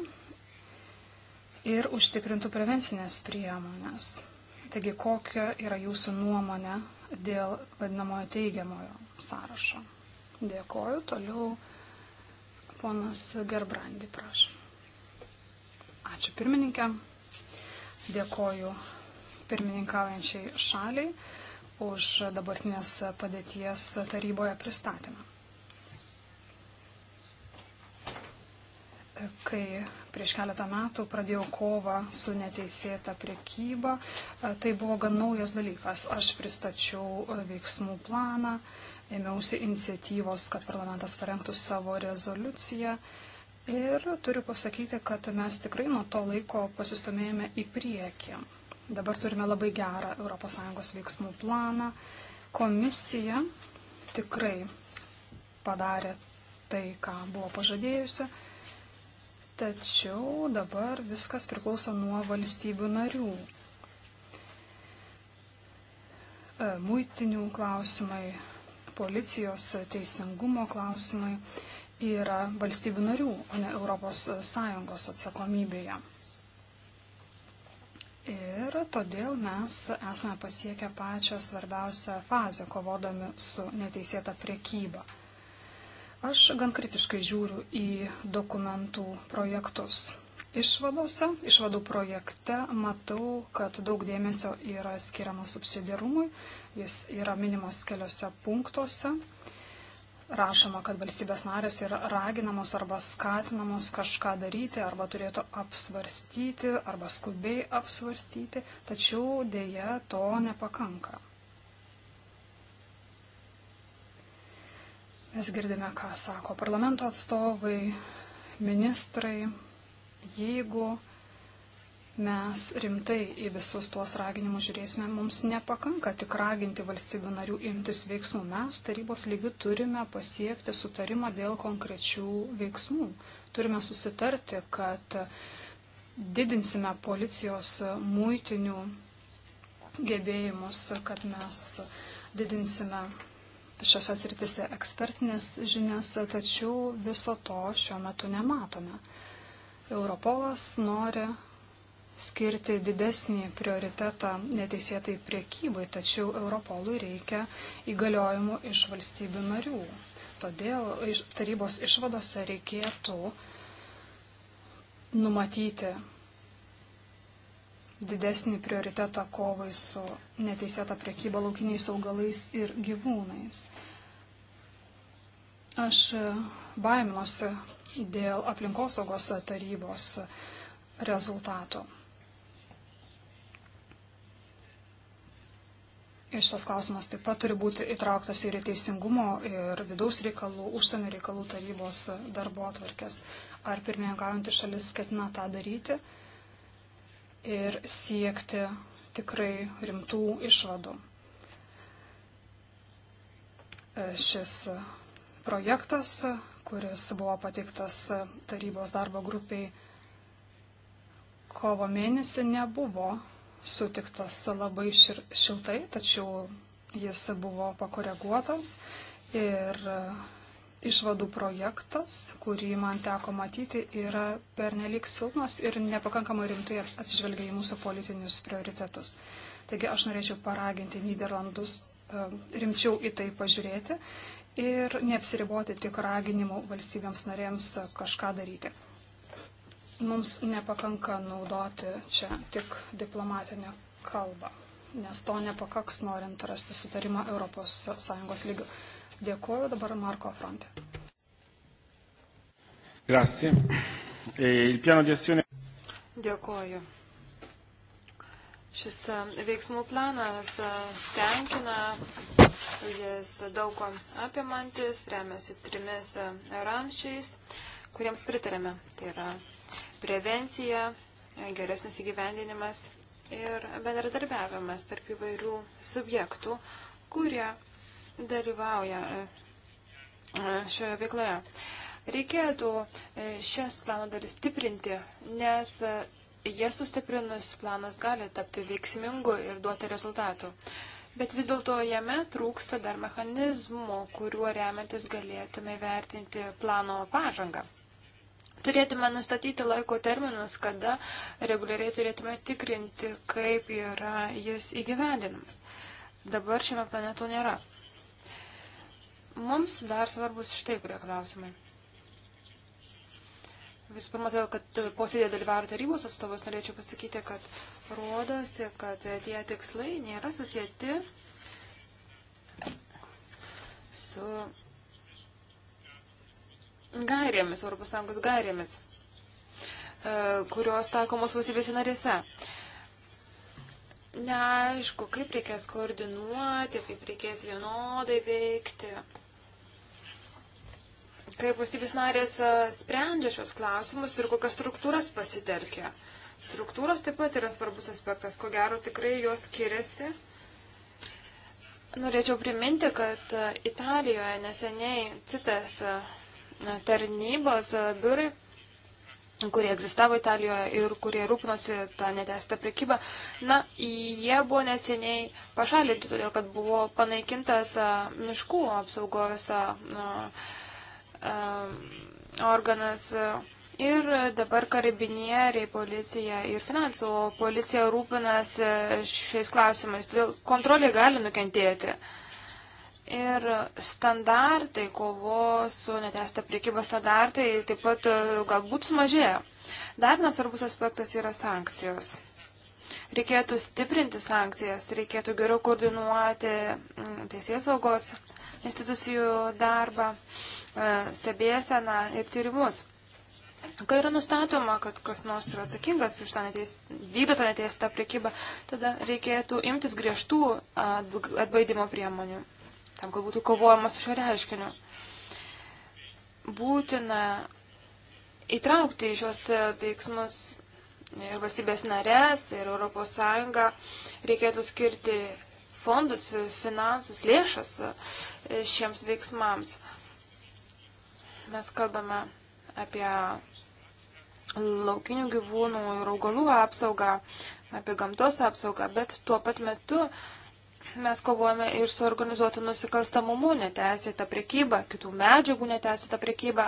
ir užtikrintų prevencinės priemonės. Taigi, kokia yra jūsų nuomonė dėl vadinamojo teigiamojo sąrašo. Dėkoju. Toliau ponas Gerbrandi, prašom. Ačiū pirmininkė. Dėkoju pirmininkaujančiai šaliai už dabartinės padėties taryboje pristatymą. kai prieš keletą metų pradėjau kovą su neteisėta priekyba, tai buvo gan naujas dalykas. Aš pristačiau veiksmų planą, ėmiausi iniciatyvos, kad parlamentas parengtų savo rezoliuciją. Ir turiu pasakyti, kad mes tikrai nuo to laiko pasistumėjome į priekį. Dabar turime labai gerą ES veiksmų planą. Komisija tikrai padarė tai, ką buvo pažadėjusi. Tačiau dabar viskas priklauso nuo valstybių narių. E, muitinių klausimai, policijos teisingumo klausimai yra valstybių narių, o ne ES atsakomybėje. Ir todėl mes esame pasiekę pačią svarbiausią fazę, kovodami su neteisėta priekyba. Aš gan kritiškai žiūriu į dokumentų projektus. Išvadose, išvadų projekte matau, kad daug dėmesio yra skiriama subsidiarumui, jis yra minimas keliose punktuose. Rašoma, kad valstybės narės yra raginamos arba skatinamos kažką daryti, arba turėtų apsvarstyti, arba skubiai apsvarstyti, tačiau dėja to nepakanka. Mes girdime, ką sako parlamento atstovai, ministrai. Jeigu mes rimtai į visus tuos raginimus žiūrėsime, mums nepakanka tik raginti valstybių narių imtis veiksmų. Mes tarybos lygių turime pasiekti sutarimą dėl konkrečių veiksmų. Turime susitarti, kad didinsime policijos muitinių gebėjimus, kad mes didinsime šiose sritise ekspertinės žinias, tačiau viso to šiuo metu nematome. Europolas nori skirti didesnį prioritetą neteisėtai priekybai, tačiau Europolui reikia įgaliojimų iš valstybių narių. Todėl tarybos išvadose reikėtų numatyti didesnį prioritetą kovai su neteisėta priekyba laukiniais augalais ir gyvūnais. Aš e, baiminuosi dėl aplinkosaugos tarybos rezultato. Ir šitas klausimas taip pat turi būti įtrauktas ir į teisingumo, ir vidaus reikalų, užsienio reikalų tarybos darbo atvarkės. Ar pirmininkaujantys šalis ketina tą daryti? ir siekti tikrai rimtų išvadų. E, šis projektas, kuris buvo pateiktas tarybos darbo grupiai kovo mėnesį, nebuvo sutiktas labai šir, šiltai, tačiau jis buvo pakoreguotas ir išvadų projektas, kurį man teko matyti, yra pernelik silpnas ir nepakankamai rimtai atsižvelgia į mūsų politinius prioritetus. Taigi aš norėčiau paraginti Niderlandus e, rimčiau į tai pažiūrėti ir neapsiriboti tik raginimu valstybėms narėms kažką daryti. Mums nepakanka naudoti čia tik diplomatinę kalbą, nes to nepakaks norint rasti sutarimą ES lygių. Dėkuoju dabar Marko Fronte. Grazie. E il piano di azione. Dėkuoju. Šis e, veiksmų planas e, tenkina, jis daug ko apimantis, remiasi trimis ramščiais, kuriems pritarėme. Tai yra prevencija, geresnis įgyvendinimas ir bendradarbiavimas tarp įvairių subjektų, kurie dalyvauja e, e, šioje veikloje. Reikėtų e, šias plano dalis stiprinti, nes jas sustiprinus planas gali tapti veiksmingu ir duoti rezultatų. Bet vis dėlto jame trūksta dar mechanizmų, kuriuo remiantis galėtume vertinti plano pažangą. Turėtume nustatyti laiko terminus, kada reguliariai turėtume tikrinti, kaip yra jis įgyvendinamas. Dabar šiame planetu nėra. Mums dar svarbus štai kurie klausimai. Visų pirma, todėl, kad posėdėje dalyvavo tarybos atstovas, norėčiau pasakyti, kad rodosi, kad tie tikslai nėra susijęti su gairėmis, Europos Sąjungos gairėmis, e, kurios taikomos valstybėse narėse. Neaišku, kaip reikės koordinuoti, kaip reikės vienodai veikti kaip valstybės narės e, sprendžia šios klausimus ir kokias struktūras pasitelkia. Struktūros taip pat yra svarbus aspektas, ko gero tikrai jos skiriasi. Norėčiau priminti, kad e, Italijoje neseniai citas e, tarnybos biurai, kurie egzistavo Italijoje ir kurie rūpinosi tą netestą prekybą, na, jie buvo neseniai pašalinti, todėl kad buvo panaikintas miškų apsaugos. Na, Um, organas. Ir dabar karabinieriai, policija ir finansų policija rūpinasi šiais klausimais. Todėl kontrolė gali nukentėti. Ir standartai, kovos su netesta priekyba standartai taip pat e, galbūt sumažėjo. Dar vienas svarbus aspektas yra sankcijos reikėtų stiprinti sankcijas, reikėtų geriau koordinuoti mm, teisės saugos institucijų darbą. E, stebėseną ir tyrimus. Kai yra nustatoma, kad kas nors yra atsakingas už tą neteistą, vykdo tą neteistą priekybą, tada reikėtų imtis griežtų e, atbaidimo priemonių, tam, kad būtų kovojama su šio reiškiniu. Būtina įtraukti į šios veiksmus ir valstybės narės, ir Europos Sąjungą, reikėtų skirti fondus, finansus, lėšas e, šiems veiksmams. Mes kalbame apie laukinių gyvūnų ir augalų apsaugą, apie gamtos apsaugą, bet tuo pat metu mes kovojame ir su organizuotu nusikalstamumu, neteisėta priekyba, kitų medžiagų neteisėta priekyba.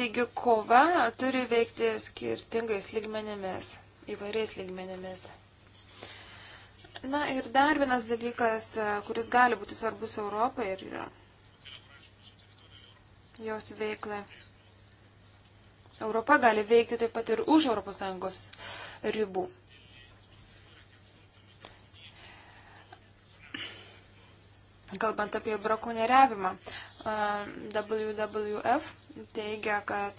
Taigi kova turi veikti skirtingais lygmenėmis, įvairiais lygmenėmis. Na ir dar vienas dalykas, kuris gali būti svarbus Europai ir yra jos veiklą. Europa gali veikti taip pat ir už ES ribų. Kalbant apie brakūneriavimą, WWF teigia, kad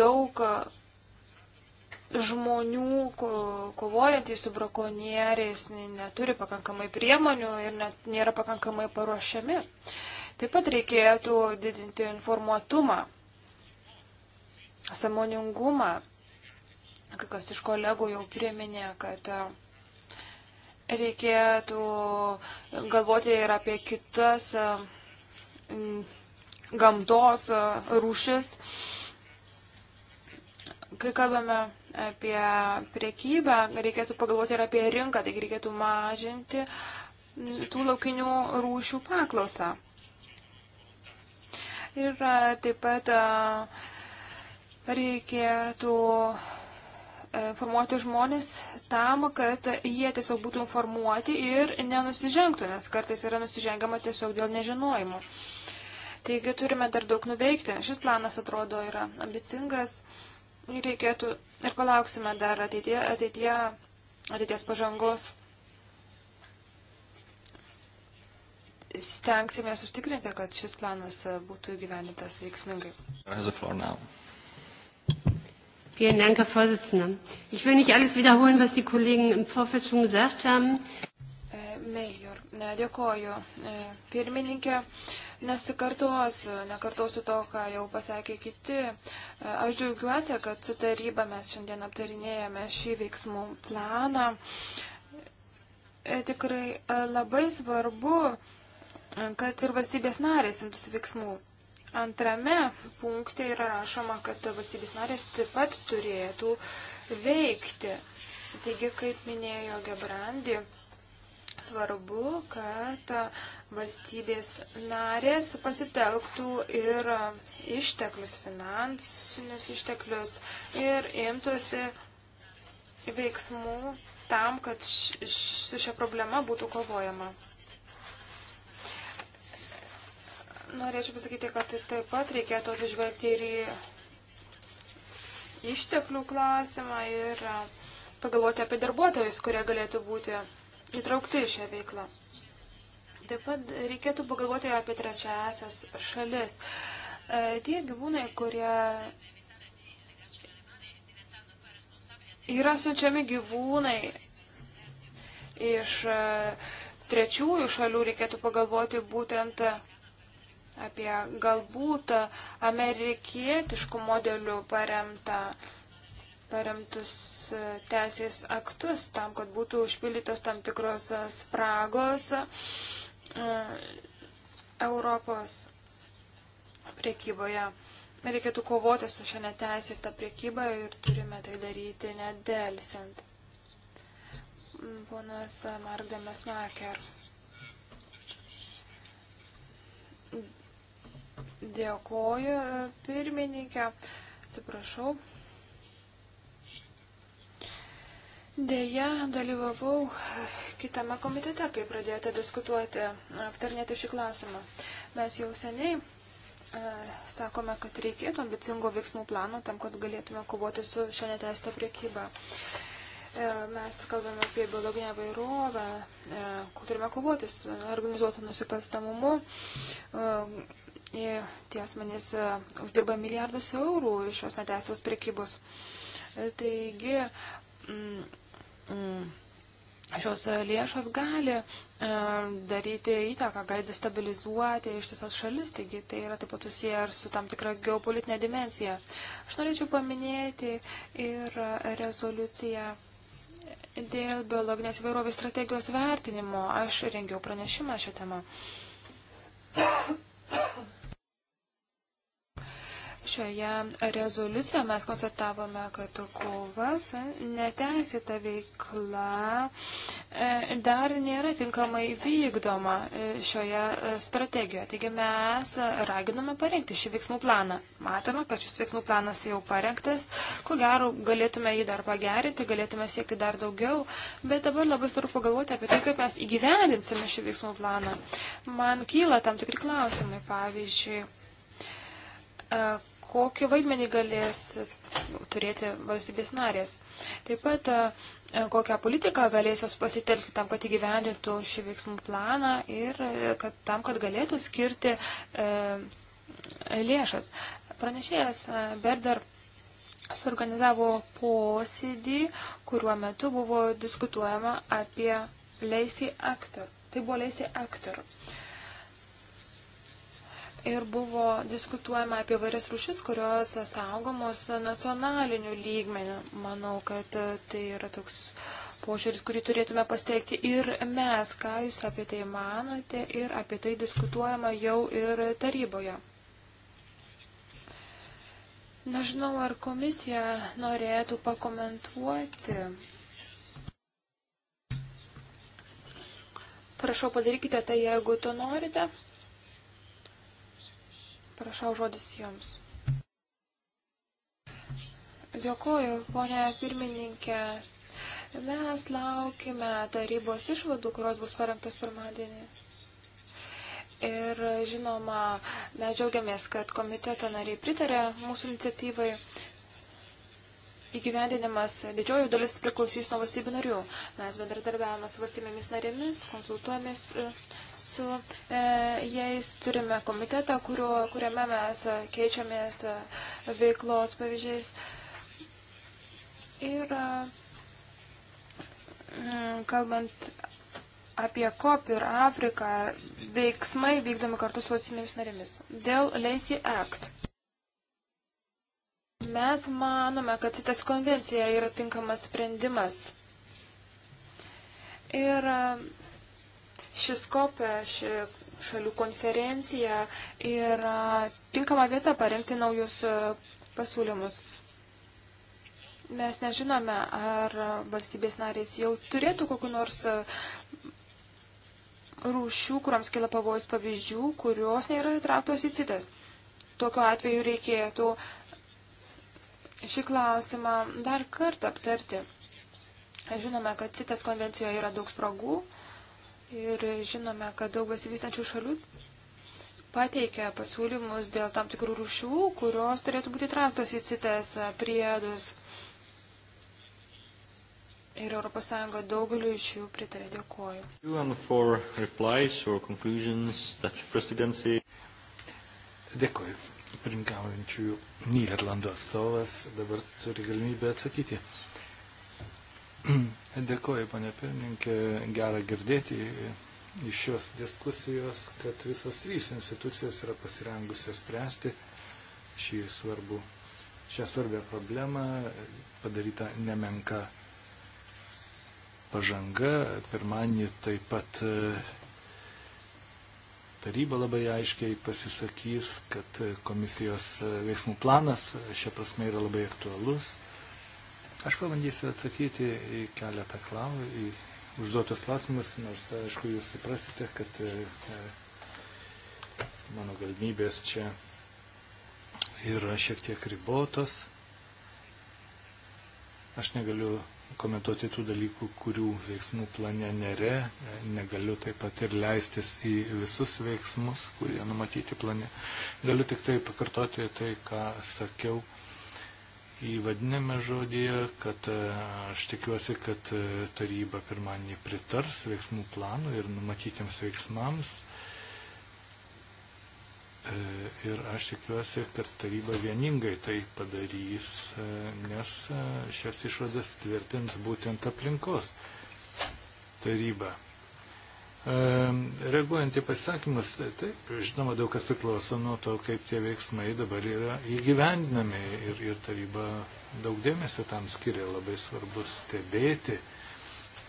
daug žmonių kovojantys su brakonieriais neturi pakankamai priemonių ir net nėra pakankamai paruošiami. Uh, Taip pat reikėtų didinti informuotumą, samoningumą. Kai kas iš kolegų jau priminė, kad e, reikėtų galvoti ir apie kitas e, gamtos e, rūšis. Kai kalbame apie priekybę, reikėtų pagalvoti ir apie rinką, taigi reikėtų mažinti tų laukinių rūšių paklausą. Ir taip pat reikėtų informuoti e, žmonės tam, kad jie tiesiog būtų informuoti ir nenusižengtų, nes kartais yra nusižengiama tiesiog dėl nežinojimo. Taigi turime dar daug nuveikti. Šis planas atrodo yra ambicingas ir reikėtų ir palauksime dar ateitie, ateitie, ateities pažangos. stengsimės užtikrinti, kad šis planas e, būtų gyvenintas veiksmingai. Vielen Dank, Herr Vorsitzender. Ich will nicht alles wiederholen, was die Kollegen im Vorfeld schon gesagt haben. E, Melior, e, dėkoju. Pirmininkė, nesikartosiu, nekartosiu to, ką jau pasakė kiti. Aš džiaugiuosi, kad su taryba mes šiandien aptarinėjame šį veiksmų planą. Tikrai labai svarbu kad ir valstybės narės imtųsi veiksmų. Antrame punkte yra rašoma, kad valstybės narės taip pat turėtų veikti. Taigi, kaip minėjo Gebrandi, svarbu, kad valstybės narės pasitelktų ir išteklius, finansinius išteklius ir imtųsi veiksmų tam, kad su šia problema būtų kovojama. Norėčiau pasakyti, kad taip pat reikėtų atsižvelgti ir į išteklių klausimą ir pagalvoti apie darbuotojus, kurie galėtų būti įtraukti į šią veiklą. Taip pat reikėtų pagalvoti ir apie trečiasias šalis. E, tie gyvūnai, kurie yra siunčiami gyvūnai iš e, trečiųjų šalių, reikėtų pagalvoti būtent apie galbūt amerikietiškų modelių paremtą, paremtus teisės aktus tam, kad būtų užpildytos tam tikros spragos e, Europos priekyboje. Reikėtų kovoti su šią neteisėtą priekybą ir turime tai daryti nedelsiant. Ponas Margdamas Maker. Dėkoju pirmininkė, atsiprašau. Deja, dalyvavau kitame komitete, kai pradėjote diskutuoti, aptarnėti šį klausimą. Mes jau seniai e, sakome, kad reikėtų ambicingo veiksmų plano tam, kad galėtume kovoti su šią neteistą priekybą. E, mes kalbame apie biologinę vairovę, e, turime kovoti su organizuotu nusikalstamumu, e, tie asmenys e, uždirba milijardus eurų iš šios neteisės prekybos. E, taigi, mm, mm, šios lėšos gali e, daryti įtaką, gali destabilizuoti ištisas šalis, taigi tai yra taip pat susiję ir su tam tikra geopolitinė dimensija. Aš norėčiau paminėti ir rezoliuciją dėl biologinės įvairovės strategijos vertinimo. Aš rengiau pranešimą šią temą. Šioje rezoliucijoje mes konstatavome, kad kovas e, neteisėta veikla e, dar nėra tinkamai vykdoma e, šioje strategijoje. Taigi mes raginame parengti šį veiksmų planą. Matome, kad šis veiksmų planas jau parengtas. Ko gero, galėtume jį dar pagerinti, galėtume siekti dar daugiau, bet dabar labai svarbu pagalvoti apie tai, kaip mes įgyvendinsime šį veiksmų planą. Man kyla tam tikri klausimai, pavyzdžiui, kokį vaidmenį galės turėti valstybės narės. Taip pat e, kokią politiką galės jos pasitelkti tam, kad įgyvendintų šį veiksmų planą ir e, kad, tam, kad galėtų skirti e, lėšas. Pranešėjas e, Berder suorganizavo posėdį, kuriuo metu buvo diskutuojama apie Leisi Aktor. Tai buvo Leisi Aktor. E, ir buvo diskutuojama apie vairias rušis, kurios saugomos nacionaliniu lygmeniu. Manau, kad tai yra toks požiūris, kurį turėtume pastelgti ir mes, ką jūs apie tai manote ir apie tai diskutuojama jau ir taryboje. Nežinau, ar komisija norėtų pakomentuoti. Prašau, padarykite tai, jeigu to norite. Prašau žodis jums. Dėkuoju, ponė pirmininkė. Mes laukime tarybos išvadų, kurios bus parengtos pirmadienį. Ir žinoma, mes džiaugiamės, kad komiteto nariai pritarė mūsų iniciatyvai. Įgyvendinimas didžioji dalis priklausys nuo valstybių narių. Mes bendradarbiavame su valstybėmis narėmis, konsultuojamės su e, jais, turime komitetą, kurio, kuriame mes keičiamės e, veiklos pavyzdžiais. Ir e, kalbant apie COP ir Afriką, veiksmai vykdomi kartu su valstybėmis narėmis. Dėl Lacey Act. Mes manome, kad citas konvencija yra tinkamas sprendimas. Ir Šis kopė, ši šalių konferencija yra tinkama vieta parengti naujus e, pasiūlymus. Mes nežinome, ar valstybės narės jau turėtų kokiu nors e, rūšių, kuriams kila pavojus pavyzdžių, kurios nėra įtrauktos į citas. Tokiu atveju reikėtų šį klausimą dar kartą aptarti. Žinome, kad citas konvencijoje yra daug spragų Ir žinome, kad daug besivystančių šalių pateikia pasiūlymus dėl tam tikrų rūšių, kurios turėtų būti traktos į citas priedus. Ir ES daugeliu iš jų pritarė. Dėkuoju. Dėkuoju. Pirinkaujančiųjų Niderlandų atstovas dabar turi galimybę atsakyti. Dėkuoju, ponė pirmininkė, gera girdėti iš šios diskusijos, kad visas trys institucijos yra pasirengusios spręsti šį svarbų, šią svarbę problemą, padaryta nemenka pažanga. Pirmanį taip pat e, taryba labai aiškiai pasisakys, kad komisijos e, veiksmų planas e, šia prasme yra labai aktualus. Aš pabandysiu atsakyti į keletą klausimų, į užduotus klausimus, nors aišku, jūs suprasite, kad e, e, mano galimybės čia yra šiek tiek ribotos. Aš negaliu komentuoti tų dalykų, kurių veiksmų plane nėra, e, negaliu taip pat ir leistis į visus veiksmus, kurie numatyti plane. Galiu tik tai pakartoti tai, ką sakiau įvadinėme žodėje, kad e, aš tikiuosi, kad e, taryba pirmąjį pritars veiksmų planų ir numatytiems veiksmams. E, ir aš tikiuosi, kad taryba vieningai tai padarys, nes šias išvadas tvirtins būtent aplinkos taryba. Reaguojant į pasakymus, tai taip, žinoma, daug kas priklauso nuo to, kaip tie veiksmai dabar yra įgyvendinami ir, ir taryba daug dėmesio tam skiria, labai svarbu stebėti,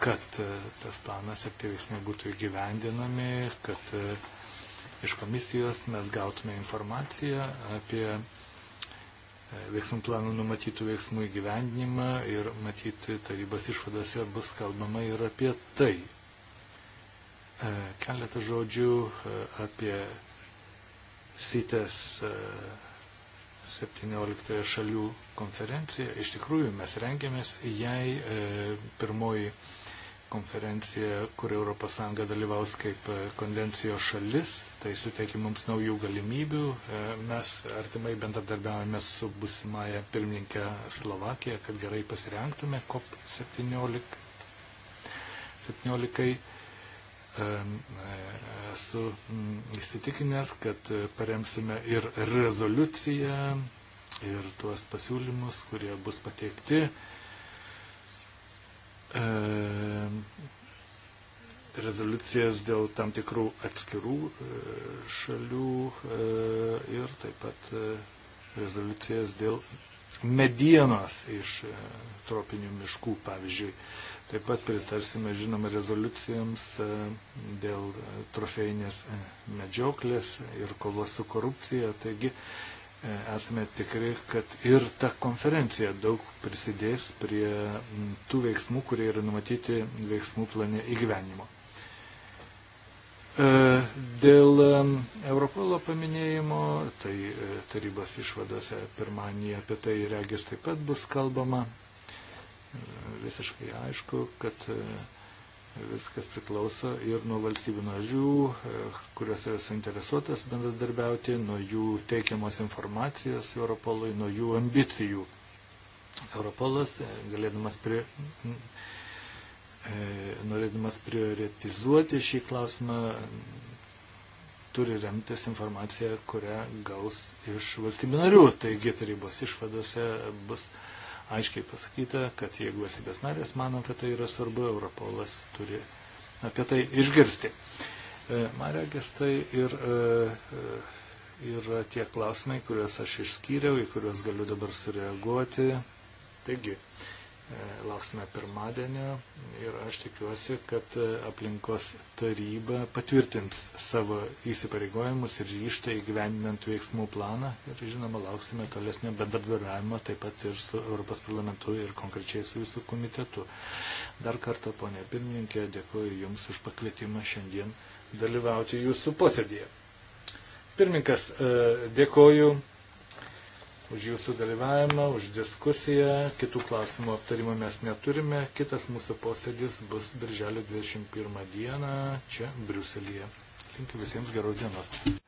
kad e, tas planas ir tie veiksmai būtų įgyvendinami, kad e, iš komisijos mes gautume informaciją apie e, veiksmų planų numatytų veiksmų įgyvendinimą ir matyti tarybos išvadose bus kalbama ir apie tai. E, keletą žodžių e, apie sitės 17 e, šalių konferenciją. Iš tikrųjų, mes rengiamės jai pirmoji konferencija, kur ES dalyvaus kaip konvencijos šalis, tai suteikia mums naujų galimybių. Mes artimai bendradarbiavame su busimąją pirmininkę Slovakiją, kad gerai pasirengtume COP17. 17. 17 Esu mm, įsitikinęs, kad e, paremsime ir rezoliuciją, ir tuos pasiūlymus, kurie bus pateikti. Rezoliucijas dėl tam tikrų atskirų e, šalių e, ir taip pat rezoliucijas dėl medienos iš tropinių miškų, pavyzdžiui. Taip pat pritarsime, žinoma, rezoliucijams e, dėl e, trofėjinės e, medžioklės ir kovos su korupcija. Taigi esame tikri, kad ir ta konferencija daug prisidės prie tų veiksmų, kurie yra numatyti veiksmų plane įgyvenimo. Dėl Europolo paminėjimo, tai tarybos išvadose pirmąjį apie tai regis taip pat bus kalbama visiškai aišku, kad e, viskas priklauso ir nuo valstybių narių, e, kurios yra suinteresuotas bendradarbiauti, nuo jų teikiamos informacijos Europolui, nuo jų ambicijų. Europolas, e, galėdamas prie, norėdamas prioritizuoti šį klausimą, turi remtis informaciją, kurią gaus iš valstybių narių. Taigi tarybos išvadose bus uh, aiškiai pasakyta, kad jeigu valstybės narės mano, kad tai yra svarbu, Europolas turi apie tai išgirsti. E, Man regis tai ir e, e, yra tie klausimai, kuriuos aš išskyriau, į kuriuos galiu dabar sureaguoti. Taigi, E, lauksime pirmadienio ir aš tikiuosi, kad e, aplinkos taryba patvirtins savo įsipareigojimus ir ryštą įgyvendinant veiksmų planą ir žinoma lauksime tolesnio bendradarbiavimo taip pat ir su Europos parlamentu ir konkrečiai su jūsų komitetu. Dar kartą, ponė pirmininkė, dėkuoju Jums už pakvietimą šiandien dalyvauti jūsų posėdėje. Pirmininkas, e, dėkoju už jūsų dalyvavimą, už diskusiją. Kitų klausimų aptarimo mes neturime. Kitas mūsų posėdis bus birželio 21 dieną čia, Briuselėje. Linkiu visiems geros dienos.